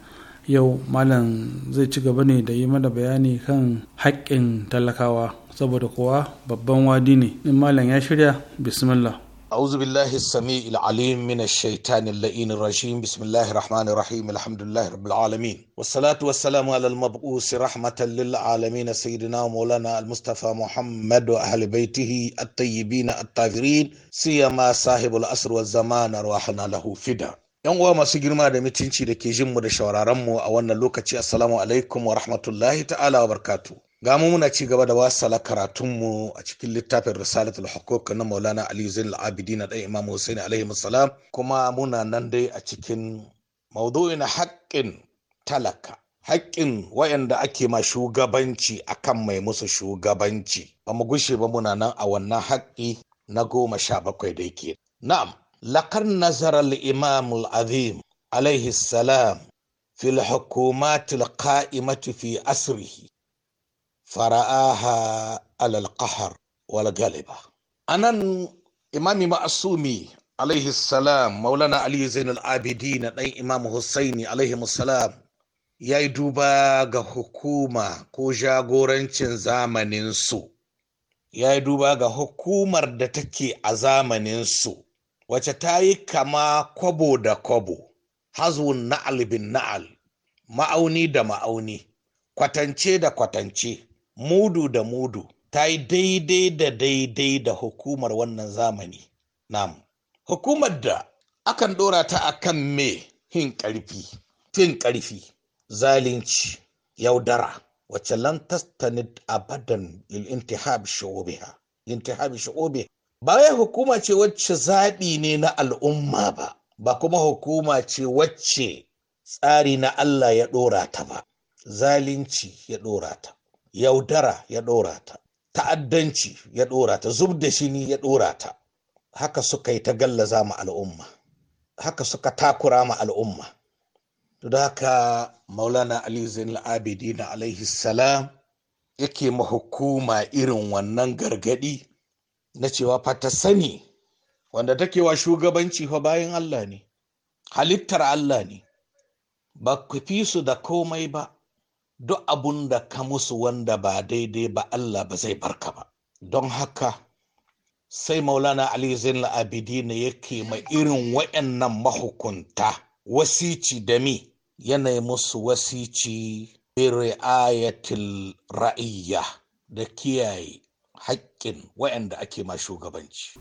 yau malam zai ci gaba ne da yi mana bayani kan haƙƙin talakawa saboda kuwa babban wadi ne in malam ya shirya bismillah أعوذ بالله السميع العليم من الشيطان اللئين الرجيم بسم الله الرحمن الرحيم الحمد لله رب العالمين والصلاة والسلام على المبعوث رحمة للعالمين سيدنا مولانا المصطفى محمد وأهل بيته الطيبين الطاهرين سيما صاحب الأسر والزمان أرواحنا له فدا yan uwa masu girma da mutunci da ke jinmu da shawararrenmu a wannan lokaci assalamu alaikum wa rahmatullahi ta'ala wa barkatu ga muna ci gaba da wasala karatunmu a cikin littafin risalatul hukuk na maulana ali zain al-abidin da imam husaini alaihi salam kuma muna nan dai a cikin maudu'in haƙƙin talaka haƙƙin wayanda ake ma shugabanci akan mai musu shugabanci ba mu gushe ba muna nan a wannan haƙƙi na goma sha bakwai da yake na'am lakar nazar al-imam al-azim alaihi salam fil الحكومات القائمة fi asrihi fara'aha alal qahar wal galiba anan imami masumi alaihi salam maulana ali zainul abidi na dan imam husaini yayi salam ya yi duba ga hukuma ko jagorancin zamaninsu ya yi duba ga hukumar da take a zamaninsu wace ta yi kama kwabo da kwabo hazun na'al bin na'al ma'auni da ma'auni kwatance da kwatance mudu da mudu ta yi daidai da daidai da hukumar wannan zamani nam hukumar da akan ɗorata ta akan me hin ƙarfi fin ƙarfi zalunci yaudara wacce lan tastanid abadan intihab shu'ubiha intihab shi'obe ba ya hukuma ce wacce zaɓi ne na al'umma ba ba kuma hukuma ce wacce tsari na Allah ya ɗora ta ba zalunci ya ɗora ta yaudara ya ɗora ta ta'addanci ya ɗora ta zub da shini ya ɗora ta haka suka yi ta gallaza ma al'umma haka suka takura ma al'umma da haka maulana ali zainal abidin alaihi salam yake mahukuma irin wannan gargadi na cewa fa ta sani wanda take wa shugabanci fa bayan allah ne halittar allah ne ba ku fi su da komai ba duk abun da ka musu wanda ba daidai ba Allah ba zai barka ba don haka sai maulana ali zainal abidin yake ma irin wayannan mahukunta wasici da mi yanayi musu wasici ayatul ra'iyya da kiyaye haƙƙin wayanda ake ma shugabanci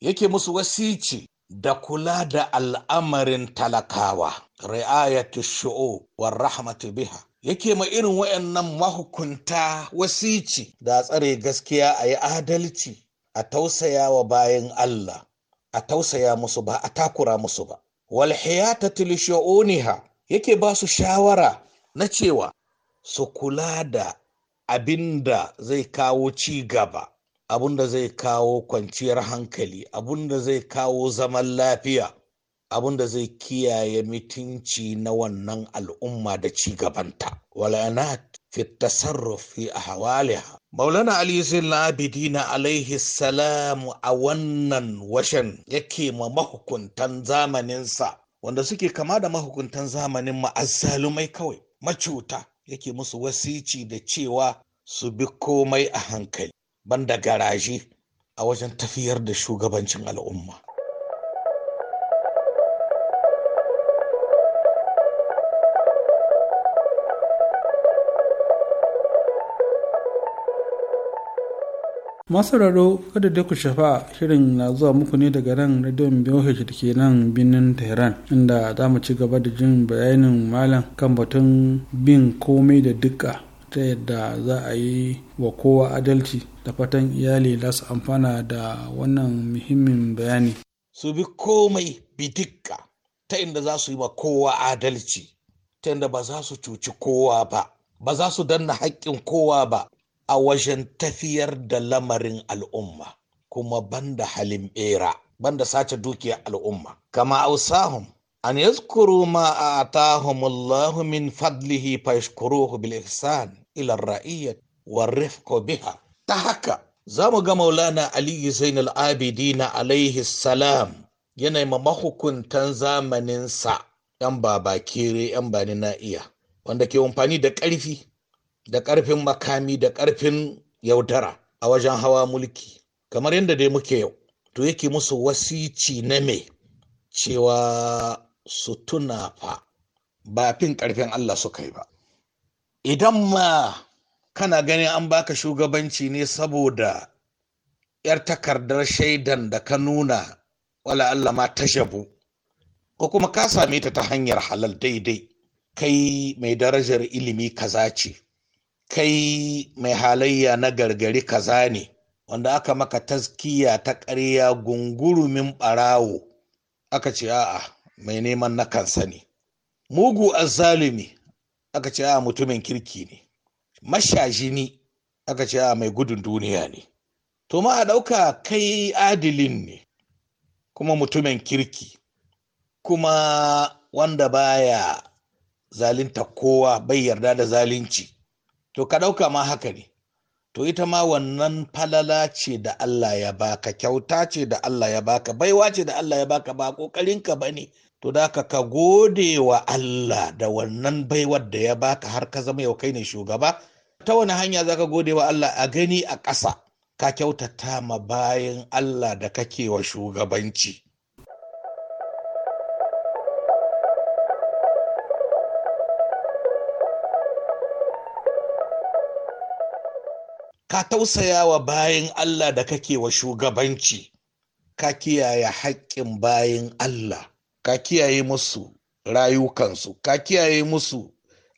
yake musu wasici da kula da al'amarin talakawa ri'ayatu shu'u war rahmatu biha yake ma irin wayannan mahukunta wasici da tsare gaskiya a yi adalci a tausaya wa bayan Allah a tausaya musu ba a takura musu ba wal hiyatatu ha yake ba su shawara na cewa su kula da abin da zai kawo ci gaba abun da zai kawo kwanciyar hankali abun da zai kawo zaman lafiya abun da zai kiyaye mutunci na wannan al'umma da ci gabanta walanat fi tasarruf fi ahwaliha maulana ali na alaihi salamu a wannan washen yake ma mahukuntan zamaninsa wanda suke kama da mahukuntan zamanin ma'azzalumai kawai macuta yake musu wasici da cewa su bi komai a hankali da garaje a wajen tafiyar da shugabancin al'umma. masararo kada da ku shafa shirin na zuwa muku ne daga nan radion BOH da ke nan birnin Tehran inda za mu ci gaba da jin bayanin malam kan batun bin komai da dukka ta yadda za a yi wa kowa adalci da fatan iyali za su amfana da wannan muhimmin bayani. su bi komai bidikka ta inda za su yi wa kowa adalci ta inda ba za su cuci kowa ba ba za su danna haƙƙin kowa ba a wajen tafiyar da lamarin al'umma kuma banda halin bera banda sace dukiyar al'umma kama ausahum an yazkuru ma atahumullahu min fadlihi fa yashkuruhu bil ihsan Ilar, ar-ra'iyyah war ta haka za mu ga maulana aliyu zainal abidina alaihi salam yana ma mahukuntan sa. yan baba kere yan bani na iya wanda ke amfani da ƙarfi da ƙarfin makami da ƙarfin yaudara a wajen hawa mulki kamar yadda dai muke yau to yake musu wasici na me cewa su tuna fa ba fin ƙarfin Allah suka yi ba. Idan ma kana ganin an baka shugabanci ne saboda ‘yar takardar shaidan da ka nuna wala Allah ma ta shabu, ko kuma ka same ta ta hanyar halal daidai, kai mai darajar ilimi kaza ce, kai mai halayya na gargari kaza ne, wanda aka maka taskiya ta ƙarya gungurumin ɓarawo, aka ce a'a. mai neman na kansa ne mugu azzalumi aka ce a mutumin kirki ne mashajini aka ce a mai gudun duniya ne to ma a ɗauka kai adilin ne kuma mutumin kirki kuma wanda baya zalinta kowa bai yarda da zalunci to ka ɗauka ma haka ne to ita ma wannan falala ce da Allah ya baka kyauta ce da Allah ya baka baiwa ce da Allah ya baka ba ƙoƙarinka ba ne to da ka ka gode wa Allah da wannan baiwar da ya baka har ka zama yau kai ne shugaba ta wani hanya zaka gode wa Allah a gani a ƙasa ka kyautata ma bayan Allah da kake wa shugabanci ka tausaya wa bayan Allah da kake wa shugabanci ka kiyaye haƙƙin bayan Allah ka kiyaye musu rayukansu ka kiyaye musu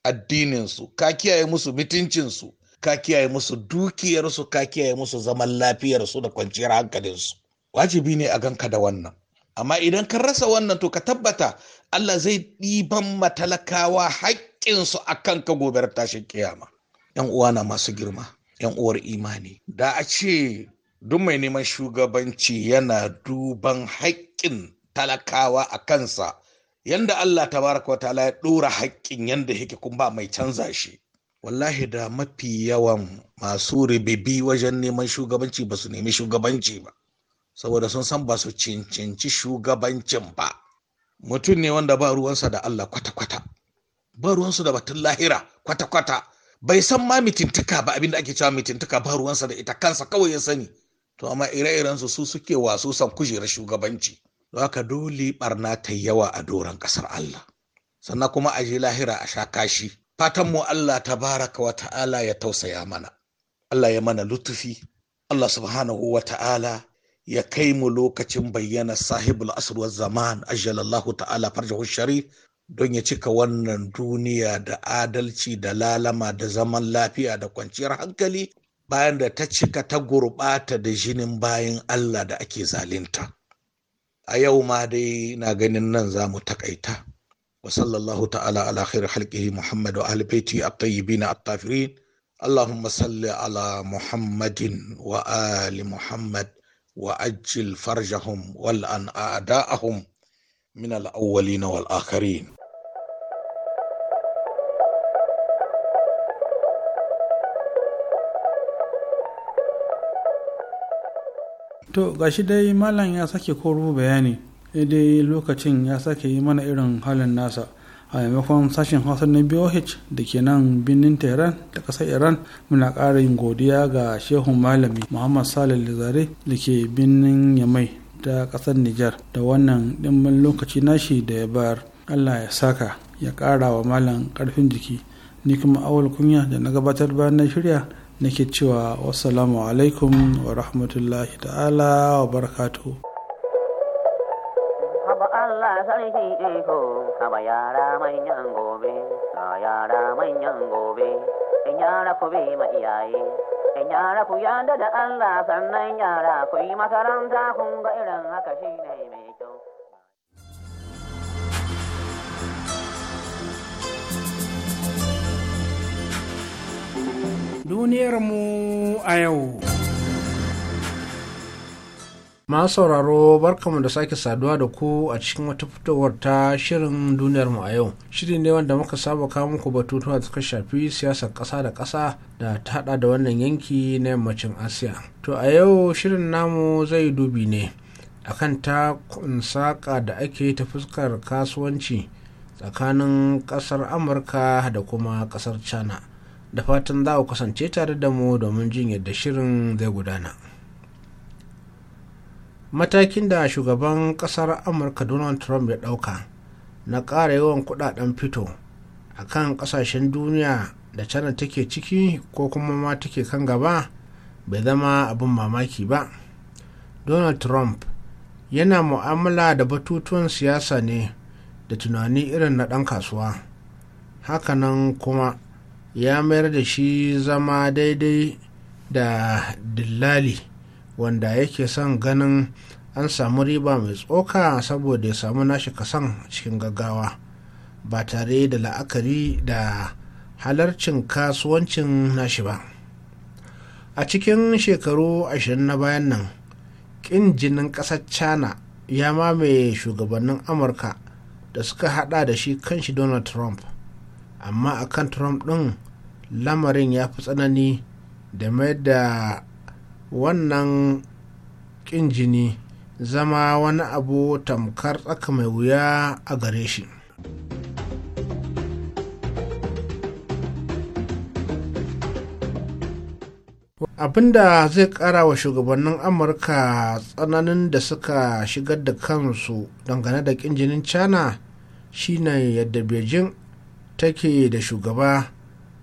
addininsu ka kiyaye musu mutuncinsu ka kiyaye musu dukiyarsu ka kiyaye musu zaman lafiyarsu da kwanciyar hankalinsu wajibi ne a ganka da wannan amma idan ka rasa wannan to ka tabbata Allah zai ɗiban matalakawa haƙƙinsu a kan ka gobe tashin kiyama yan uwana masu girma yan uwar imani da a ce duk mai neman shugabanci yana duban haƙƙin talakawa a kansa yanda Allah ta baraka ta'ala ya ɗora haƙƙin yanda yake kun ba mai canza shi wallahi da mafi yawan masu ribibi wajen neman shugabanci ba su nemi shugabanci ba saboda sun san ba su cincinci shugabancin ba mutum ne wanda ba ruwansa da Allah kwata-kwata ba ruwansu da batun lahira kwata-kwata bai san ma mitintuka ba abinda ake cewa mitintuka ba ruwansa da ita kansa kawai ya sani to amma ire-irensu su suke wasu san kujerar shugabanci haka dole barna ta yawa a doron ƙasar Allah sannan kuma a je lahira a sha kashi Fatanmu Allah ta baraka wa ta'ala ya tausaya mana Allah ya mana lutufi Allah subhanahu wa ta'ala ya kai mu lokacin bayyana sahibul asr zaman ajjalallahu ta'ala farjahu sharif don ya cika wannan duniya da adalci da lalama da zaman lafiya da kwanciyar hankali bayan da ta cika ta gurɓata da jinin bayan Allah da ake zalunta. a yau ma dai na ganin nan za mu takaita wa sallallahu ta'ala ala khair halqihi muhammad wa ahli baiti at-tayyibin at Allahuma allahumma salli ala muhammadin wa ali muhammad wa ajil farjahum wal an a'da'ahum min al-awwalin wal akhirin to gashi dai malam ya sake koro bayani dai lokacin ya sake yi mana irin halin nasa a maimakon sashen hausa na boh da ke nan birnin tehran ta kasar iran muna ƙara yin godiya ga shehun malami muhammad salih zare da ke birnin yamai ta kasar nijar da wannan ɗimbin lokaci nashi da ya bayar allah ya saka ya ƙara wa malam ƙarfin jiki ni kuma awal kunya da na gabatar bayan na shirya nake cewa wasalamu alaikum wa rahmatullahi ta'ala wa barakatu Allah sarki iko, kaba yara manyan gobe, ga yara manyan gobe, in yara ku bi ma iyaye, in yara ku yada da Allah sannan yara ku yi makaranta kun ga irin haka shi ne mai. duniyarmu a yau. Masu sauraro barkamu da sake saduwa da ku a cikin wata fitowar ta shirin duniyarmu a yau. Shiri ne wanda muka saba kawo muku batutuwa da suka shafi siyasar ƙasa da ƙasa da ta hada da wannan yanki na yammacin Asiya. To a yau shirin namu zai dubi ne akan ta saƙa da ake ta fuskar kasuwanci tsakanin ƙasar Amurka da kuma ƙasar China. da fatan za a kasance tare da mu domin jin yadda shirin zai gudana matakin da shugaban kasar amurka donald trump ya dauka na ƙara yawan kudaden fito a kan kasashen duniya da china take ciki ko kuma ma take kan gaba bai zama abin mamaki ba donald trump yana mu'amala da batutuwan siyasa ne da tunani irin na ɗan kasuwa hakanan kuma ya mayar da shi zama daidai da dillali wanda yake son ganin an samu riba mai tsoka saboda ya samu nashi kasan cikin gaggawa ba tare da la'akari da halarcin kasuwancin nashi ba a cikin shekaru ashirin na bayan nan ƙin jinin ƙasar china ya mamaye shugabannin amurka da suka hada da shi kanshi donald trump amma a kan trump ɗin lamarin ya fi tsanani da mai da wannan ƙin jini zama wani abu tamkar tsaka mai wuya a gare shi da zai kara wa shugabannin amurka tsananin da suka shigar da kansu dangane da kin jinin china shine yadda beijing take da shugaba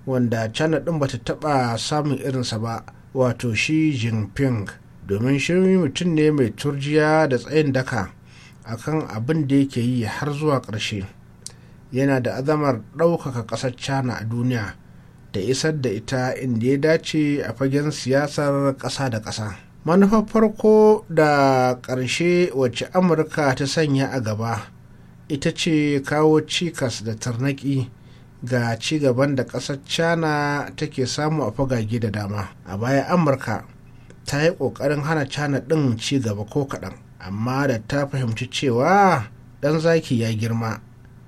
wanda china ɗin bata taɓa samun irinsa ba wato shi jinping domin shirin mutum ne mai turjiya da tsayin daka akan abin da yake yi har zuwa ƙarshe yana da azamar ɗaukaka ƙasar china a duniya da isar da ita inda ya dace a fagen siyasar ƙasa da ƙasa manufar farko da ƙarshe wacce amurka ta sanya a gaba ita ce kawo cikas da tarnaki. ga ci gaban da ƙasar china take samu a fagage da dama a baya amurka ta yi ƙoƙarin hana china ɗin ci gaba ko kaɗan amma da ta fahimci cewa ɗan zaki ya girma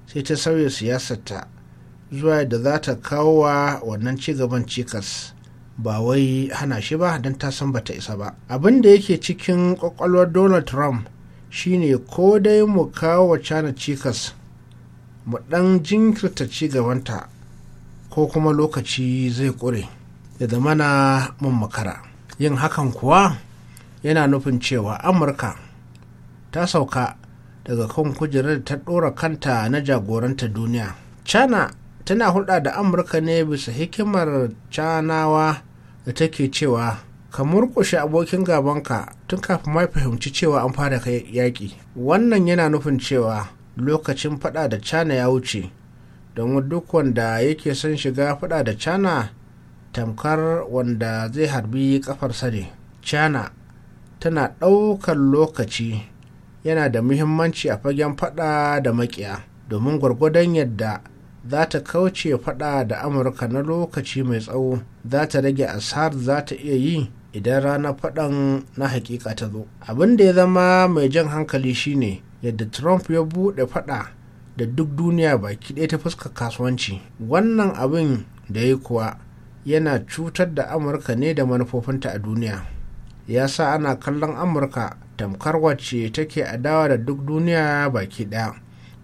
sai ta sauya siyasarta zuwa da za ta kawo wa wannan ci gaban cikas ba wai hana shi ba don ta san bata isa ba abin da yake cikin ƙwaƙwalwar donald trump shine ko dai mu kawo wa china cikas mu ɗan jinkirta gabanta ko kuma lokaci zai ƙure da zamana mun makara yin hakan kuwa yana nufin cewa amurka ta sauka daga kan kujerar ta ɗora kanta na jagoranta duniya china tana hulɗa da amurka ne bisa hikimar canawa da take cewa ka murƙushi abokin gabanka tun kafin mai fahimci cewa an fara yaƙi wannan yana nufin cewa lokacin fada da cana ya wuce don duk wanda yake son shiga fada da cana tamkar wanda zai harbi kafar ne cana tana ɗaukar lokaci yana da muhimmanci a fagen fada da makiya domin gwargwadon yadda za ta kauce fada da amurka na lokaci mai tsawo za ta rage asar za ta iya yi idan ranar fadan na hakika ta zo abin da ya zama mai jan hankali shine yadda trump ya buɗe fada da duk duniya baki ɗaya ta fuska kasuwanci wannan abin da ya kuwa yana cutar da amurka ne da manufofinta a duniya ya sa ana kallon amurka tamkar wacce take adawa da duk duniya baki ɗaya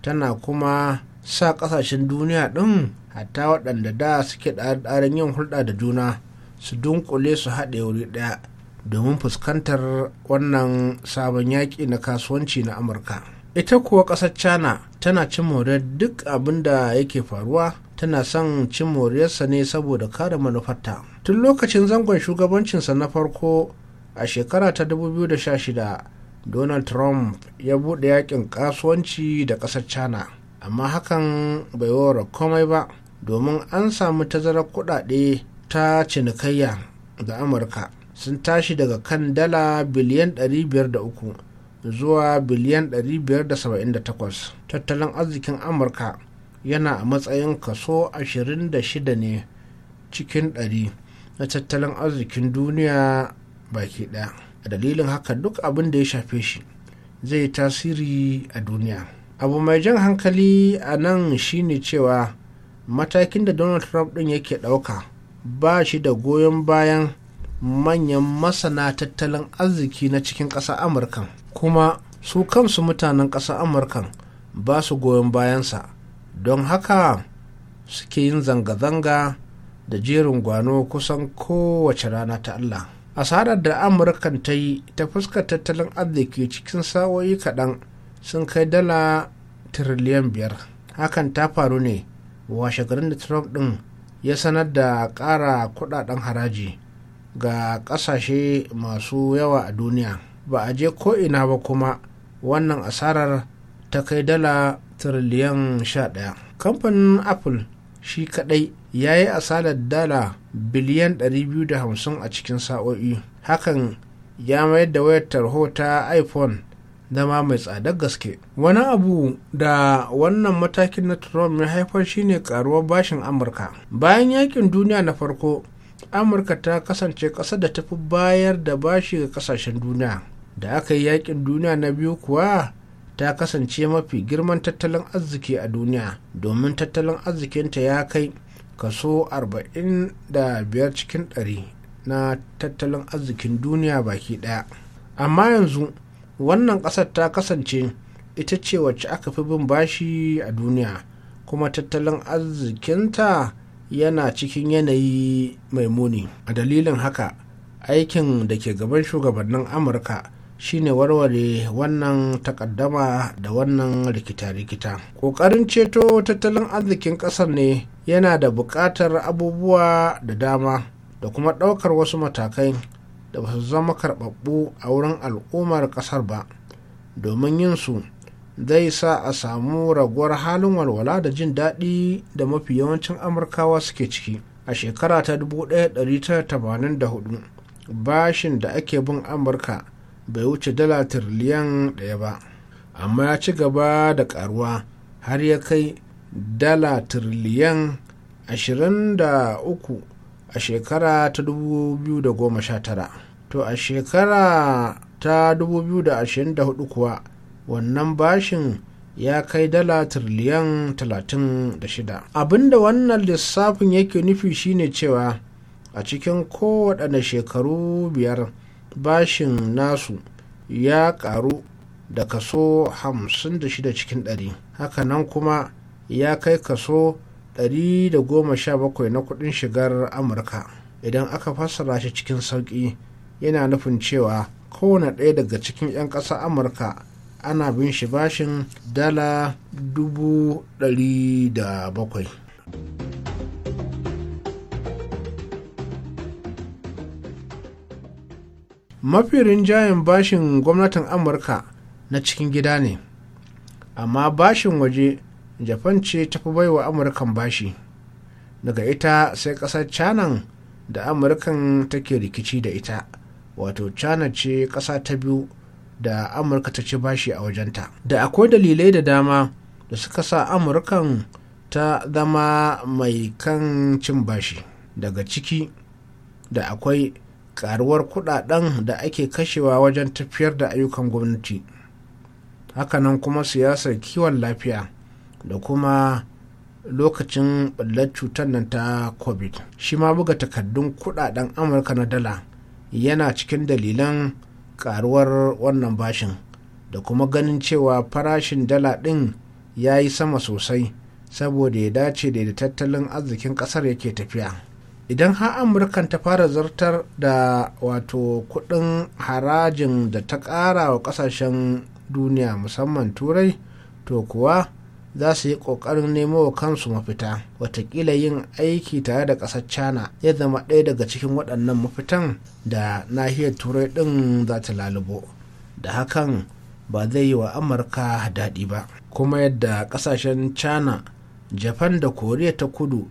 tana kuma sa ƙasashen duniya ɗin hatta waɗanda da suke ɗarin yin hulɗa da juna su dunkule su haɗe wuri ɗaya domin fuskantar wannan sabon yaƙi na kasuwanci na amurka ita kuwa ƙasar china tana cin more duk abin da yake faruwa tana son cin moriyarsa ne saboda kare manufarta tun lokacin zangon shugabancinsa na farko a shekara ta 2016 donald trump ya buɗe yakin kasuwanci da ƙasar china amma hakan bai wara komai ba domin an samu tazarar kuɗaɗe ta cinikayya ga amurka sun tashi daga kan dala biliyan 503 zuwa biliyan 578 tattalin arzikin amurka yana a matsayin kaso 26 ne cikin 100 na tattalin arzikin duniya baki daya a dalilin haka duk abin da ya shafe shi zai yi tasiri a duniya abu mai jan hankali a nan shine cewa matakin da donald trump din yake dauka ba shi da goyon bayan manyan masana tattalin arziki na cikin ƙasa amurkan kuma su kansu mutanen ƙasa amurkan ba su goyon bayansa don haka suke yin zanga-zanga da jerin gwano kusan kowace rana ta allah asarar da amurkan ta yi ta fuskar tattalin arziki cikin sa'o'i kaɗan sun kai dala tiriliyan biyar hakan ta faru ne washe garin da trump ɗin ya sanar da ƙara kuɗaɗen haraji ga ƙasashe masu yawa a duniya ba a je ko'ina ba kuma wannan asarar ta kai dala tiriliyan 11 kamfanin apple shi kadai ya yi asarar dala biliyan 250 a cikin sa'o'i hakan ya mayar da wayar tarho ta iphone zama mai tsadar gaske wani abu da wannan matakin na trump ya haifar shine karuwar bashin amurka bayan yakin duniya na farko amurka ta kasance ƙasar da tafi bayar da bashi ga kasashen duniya da aka yi yakin duniya na biyu kuwa ta kasance mafi girman tattalin arziki a duniya domin tattalin arzikinta ya kai kaso 45 cikin 100 na tattalin arzikin duniya baki daya amma yanzu wannan ƙasar ta kasance ita ce wacce aka fi bin bashi a duniya kuma tattalin arzikinta yana cikin yanayi mai muni a dalilin haka aikin da ke gaban shugabannin amurka shine warware wannan takaddama da wannan rikita-rikita ƙoƙarin ceto tattalin arzikin ƙasar ne yana da buƙatar abubuwa da dama da kuma ɗaukar wasu matakai da ba su zama karɓaɓɓu a wurin al'ummar ƙasar ba domin yin su zai sa a samu raguwar halin walwala da jin daɗi da mafi yawancin amurkawa suke ciki a shekara ta 1984 bashin da ake bin amurka bai wuce dala tiriliyan ɗaya ba amma ya ci gaba da ƙaruwa har ya kai dala tiriliyan 23 a shekara ta 2019 to a shekara ta 2024 kuwa wannan bashin ya kai dala tiriliyan 36 abinda wannan lissafin yake nufi shine cewa a cikin kowaɗanne shekaru biyar bashin nasu ya ƙaru da kaso 56 cikin 100 hakanan kuma ya kai kaso 117 na kuɗin shigar amurka idan aka fassara shi cikin sauƙi yana nufin cewa kowane ɗaya daga cikin 'yan ƙasa amurka ana bin shi bashin dala dubu ɗari da bakwai mafi rinjayen bashin gwamnatin amurka na cikin gida ne amma bashin waje japan ce ta fi baiwa amurkan bashi daga ita sai ƙasar canan da amurkan take rikici da ita wato cana ce ƙasa ta biyu da amurka ta ci bashi a wajenta da akwai dalilai da dama da suka sa amurkan ta zama mai kan cin bashi daga ciki da akwai karuwar kudaden da ake kashewa wajen tafiyar da ayyukan gwamnati hakanan kuma siyasar kiwon lafiya da kuma lokacin ɓullar cutar nan ta covid shi ma buga takardun kudaden amurka na dala yana cikin dalilan karuwar wannan bashin da kuma ganin cewa farashin dala ɗin ya yi sama sosai saboda ya dace da tattalin arzikin ƙasar yake tafiya idan har amurkan ta fara zartar da wato kuɗin harajin da ta ƙara wa ƙasashen duniya musamman turai to kuwa za su yi ƙoƙarin nemo wa kansu mafita watakila yin aiki tare da ƙasar china ya zama ɗaya daga cikin waɗannan mafitan da nahiyar turai ɗin za ta lalubo da hakan ba zai yi wa amurka daɗi ba kuma yadda ƙasashen china japan da koriya ta kudu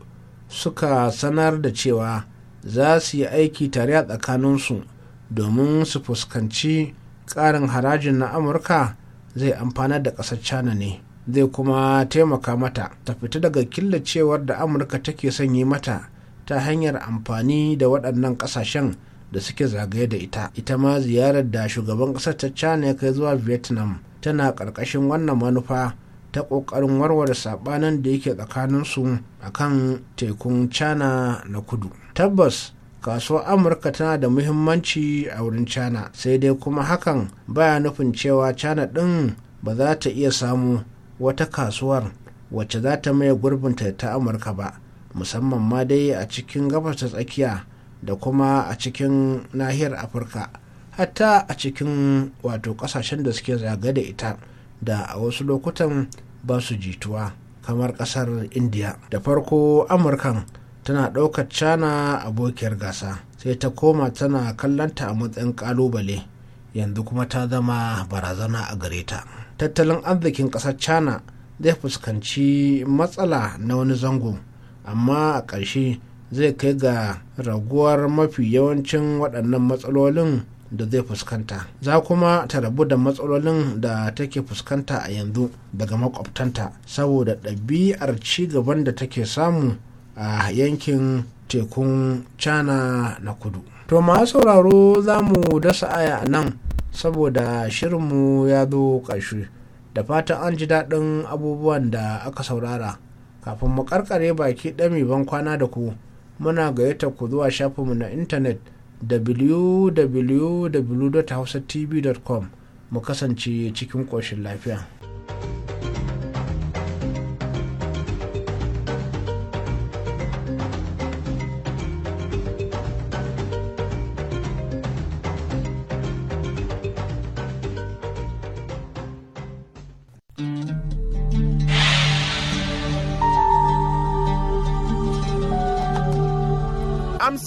suka sanar da cewa za su yi aiki tare a tsakaninsu domin su fuskanci ƙarin harajin na amurka zai amfanar da ƙasar china ne zai kuma taimaka mata ta fita daga killacewar da amurka take son yi mata ta hanyar amfani da waɗannan ƙasashen da suke zagaye da ita ita ma ziyarar da shugaban ƙasar ta china ya kai zuwa vietnam tana ƙarƙashin wannan manufa ta ƙoƙarin warware saɓanin da yake tsakaninsu a kan tekun china na kudu tabbas kasuwar amurka tana da muhimmanci a wurin china sai dai kuma hakan baya nufin cewa china ɗin ba za ta iya samu wata kasuwar wacce za ta maye gurbinta ta amurka ba musamman ma dai a cikin gabas ta tsakiya da kuma a cikin nahiyar afirka hatta a cikin wato kasashen da suke zaga da ita da a wasu lokutan ba su jituwa kamar kasar Indiya. da farko amurkan tana ɗaukar cana abokiyar gasa sai ta koma tana kallanta a matsayin ƙalubale yanzu kuma ta zama barazana a gare ta. tattalin arzikin ƙasar china zai fuskanci matsala na wani zango amma a ƙarshe zai kai ga raguwar mafi yawancin waɗannan matsalolin da zai fuskanta za kuma ta rabu da matsalolin da take fuskanta a yanzu daga makwabtanta saboda ɗabi'ar ci gaban da take samu a yankin tekun china na kudu to masu sauraro za mu dasa aya nan saboda shirinmu ya zo ƙarshe da fatan an ji daɗin abubuwan da aka saurara kafin mu karkare baki ɗami ban kwana da ku muna gayyata ku zuwa shafinmu na intanet www.hausatv.com mu kasance cikin ƙoshin lafiya.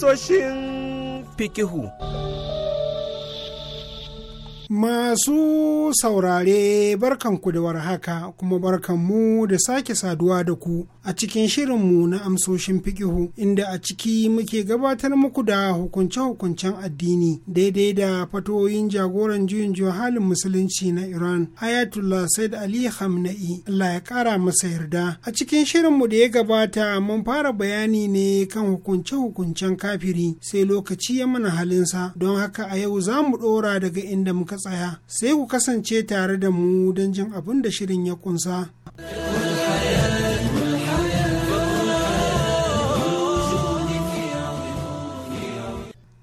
amsoshin fikihu. Masu saurare barkanku da warhaka kuma barkanmu da sake saduwa da ku a cikin shirinmu na amsoshin fikihu inda a ciki muke gabatar muku da hukunce-hukuncen addini daidai da fatoyin jagoran juyin halin musulunci na Iran Ayatullah Said Ali Khamenei Allah ya kara masa yarda. A cikin shirinmu da ya gabata mun fara bayani ne kan hukunce-hukuncen kafiri sai lokaci ya mana halinsa don haka a yau za mu ɗora daga inda muka tsaya sai ku kasance tare da mu don jin abin da shirin ya kunsa.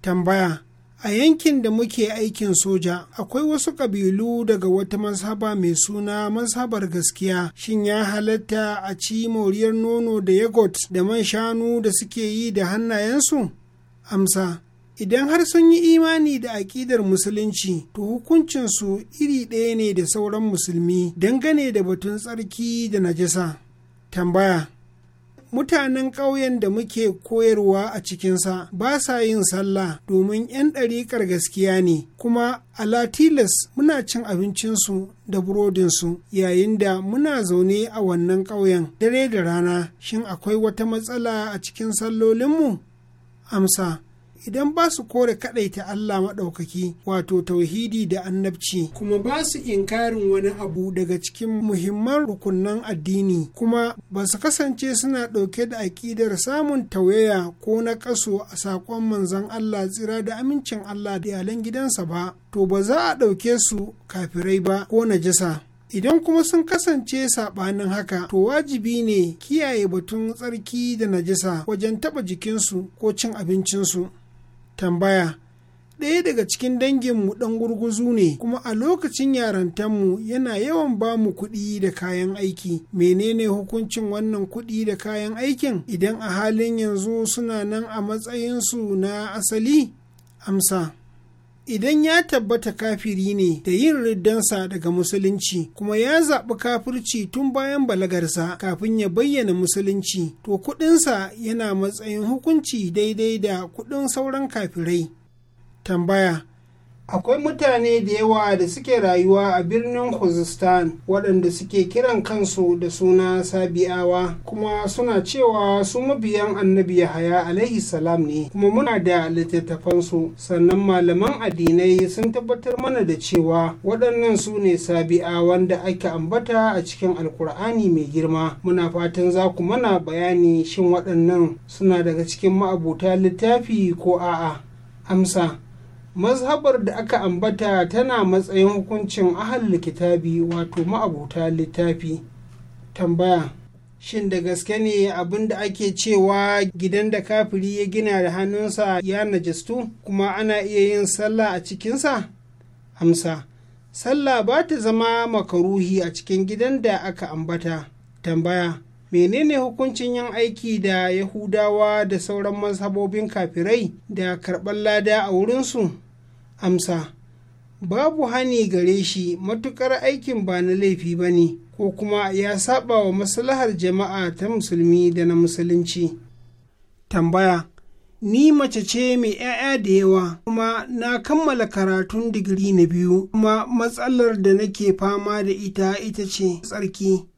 Tambaya A yankin da muke aikin soja, akwai wasu ƙabilu daga wata mazhaba mai suna mazhabar gaskiya. Shin ya halatta a ci moriyar nono da yagot da man shanu da suke yi da hannayensu? Amsa. idan har sun yi imani da aƙidar musulunci to hukuncinsu iri ɗaya ne da sauran musulmi dangane da batun tsarki da najasa tambaya mutanen ƙauyen da muke koyarwa a cikinsa ba sa yin sallah domin 'yan ɗariƙar gaskiya ne kuma ala tilas muna cin abincinsu da burodinsu yayin da muna zaune a wannan ƙauyen dare da rana shin akwai wata matsala a cikin sallolinmu amsa idan ba su kore kaɗaita Allah maɗaukaki wato tauhidi da annabci kuma ba su inkarin wani abu daga cikin muhimman rukunan addini kuma ba su kasance suna ɗauke da aƙidar samun tauyaya ko na kaso a saƙon manzon Allah tsira da amincin Allah da iyalan gidansa ba to ba za a ɗauke su kafirai ba ko najisa. idan kuma sun kasance saɓanin haka to wajibi ne kiyaye batun tsarki da najisa wajen taɓa jikinsu ko cin abincinsu. tambaya ɗaya daga cikin danginmu ɗan gurguzu ne kuma a lokacin yarantanmu yana yawan ba mu kuɗi da kayan aiki menene hukuncin wannan kuɗi da kayan aikin idan a halin yanzu suna nan a matsayinsu na asali amsa idan ya tabbata kafiri ne da yin riddansa daga musulunci kuma ya zaɓi kafirci tun bayan balagarsa kafin ya bayyana musulunci to kuɗinsa yana matsayin hukunci daidai da kuɗin sauran kafirai tambaya akwai mutane da yawa da suke rayuwa a birnin khuzistan waɗanda suke kiran kansu da suna sabi'awa kuma suna cewa su mabiyan annabi yahaya alaihi salam ne kuma muna da littattafansu sannan malaman addinai sun tabbatar mana da cewa waɗannan su ne sabi'awan da ake ambata a cikin alkur'ani mai girma muna fatan za ku mana bayani shin waɗannan suna daga cikin ma'abuta littafi ko a'a amsa mazhabar da aka ambata tana matsayin hukuncin ahal kitabi wato ma'abuta littafi tambaya shin da gaske ne abin da ake cewa gidan da kafiri ya gina da hannunsa ya najistu kuma ana iya yin sallah a cikinsa amsa sallah ba ta zama makaruhi a cikin gidan da aka ambata tambaya menene hukuncin yin aiki da yahudawa da sauran mazhabobin kafirai da karɓar lada a wurinsu amsa babu hani gare shi matukar aikin ba na laifi ba ne ko kuma ya saba wa maslahar jama'a ta musulmi da na musulunci tambaya ni mace ce mai 'ya'ya da yawa kuma na kammala karatun digiri na biyu kuma matsalar da nake fama da ita ita ce tsarki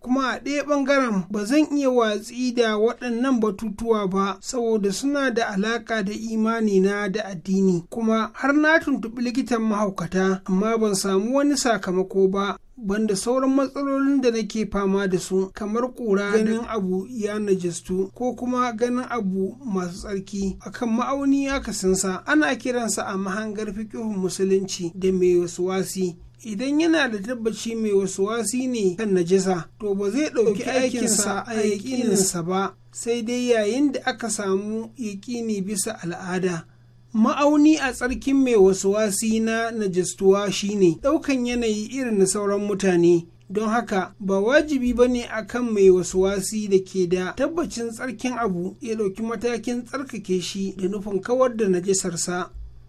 kuma a ɗaya ɓangaren ba zan iya watsi da waɗannan batutuwa ba saboda suna da alaƙa da imani na da addini kuma har na tuntuɓi likitan mahaukata amma ban samu wani sakamako ba banda sauran matsalolin da nake fama da su kamar ƙura ganin abu ya najistu ko kuma ganin abu masu tsarki akan ma'auni akasinsa ana kiransa a mahangar fikihun musulunci da mai wasu wasi idan yana da tabbaci mai wasu wasi ne kan najisa, to ba zai ɗauki aikinsa a yaƙininsa ba sai dai yayin da aka samu yaƙini bisa al'ada ma'auni a tsarkin mai wasu wasi na najistuwa shine ɗaukan yanayi irin na sauran mutane don haka ba wajibi ba ne akan mai wasu wasi da ke da tabbacin tsarkin abu ya ɗauki matakin tsarkake shi da nufin kawar da najisarsa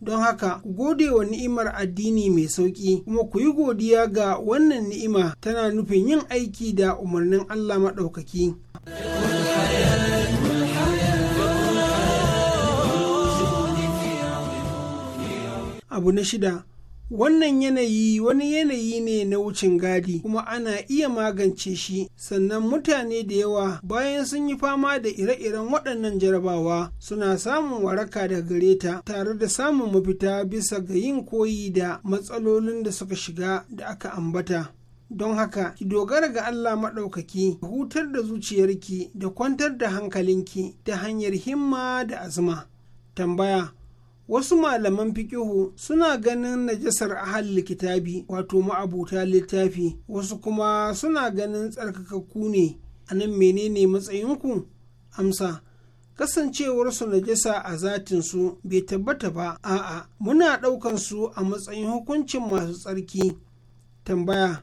don haka gode wa ni'imar addini mai sauƙi kuma ku yi godiya ga wannan ni'ima tana nufin yin aiki da umarnin Allah maɗaukaki. abu na shida Wannan yanayi wani yanayi ne na wucin gadi kuma ana iya magance shi sannan mutane da yawa bayan sun yi fama da ire-iren waɗannan jarabawa suna samun waraka da gare ta tare da samun mafita bisa ga yin koyi da matsalolin da suka shiga da aka ambata. don haka ki dogara ga Allah maɗaukaki hutar da zuciyarki da kwantar da hankalinki ta hanyar himma da azuma. Tambaya wasu malaman fikihu suna ganin najasar ahal kitabi wato ma'abuta littafi wasu kuma suna ganin tsarkakakku ne a nan menene matsayinku amsa kasancewarsu najasa a zatinsu bai tabbata ba a'a muna su a matsayin hukuncin masu tsarki tambaya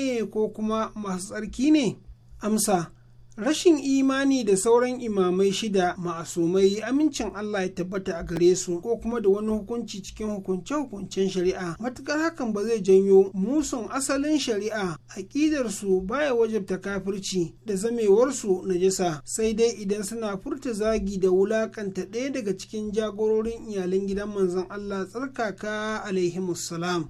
eh ko kuma masu tsarki ne amsa rashin imani da sauran imamai shida ma'asumai amincin Allah ya tabbata a gare su ko kuma da wani hukunci cikin hukunce-hukuncen shari'a matuƙar hakan ba zai janyo musun asalin shari'a aƙidar su baya wajabta kafirci da zamewarsu na jisa. sai dai idan suna furta zagi da wulaƙanta ɗaya daga cikin jagororin iyalan gidan manzon Allah tsarkaka salam.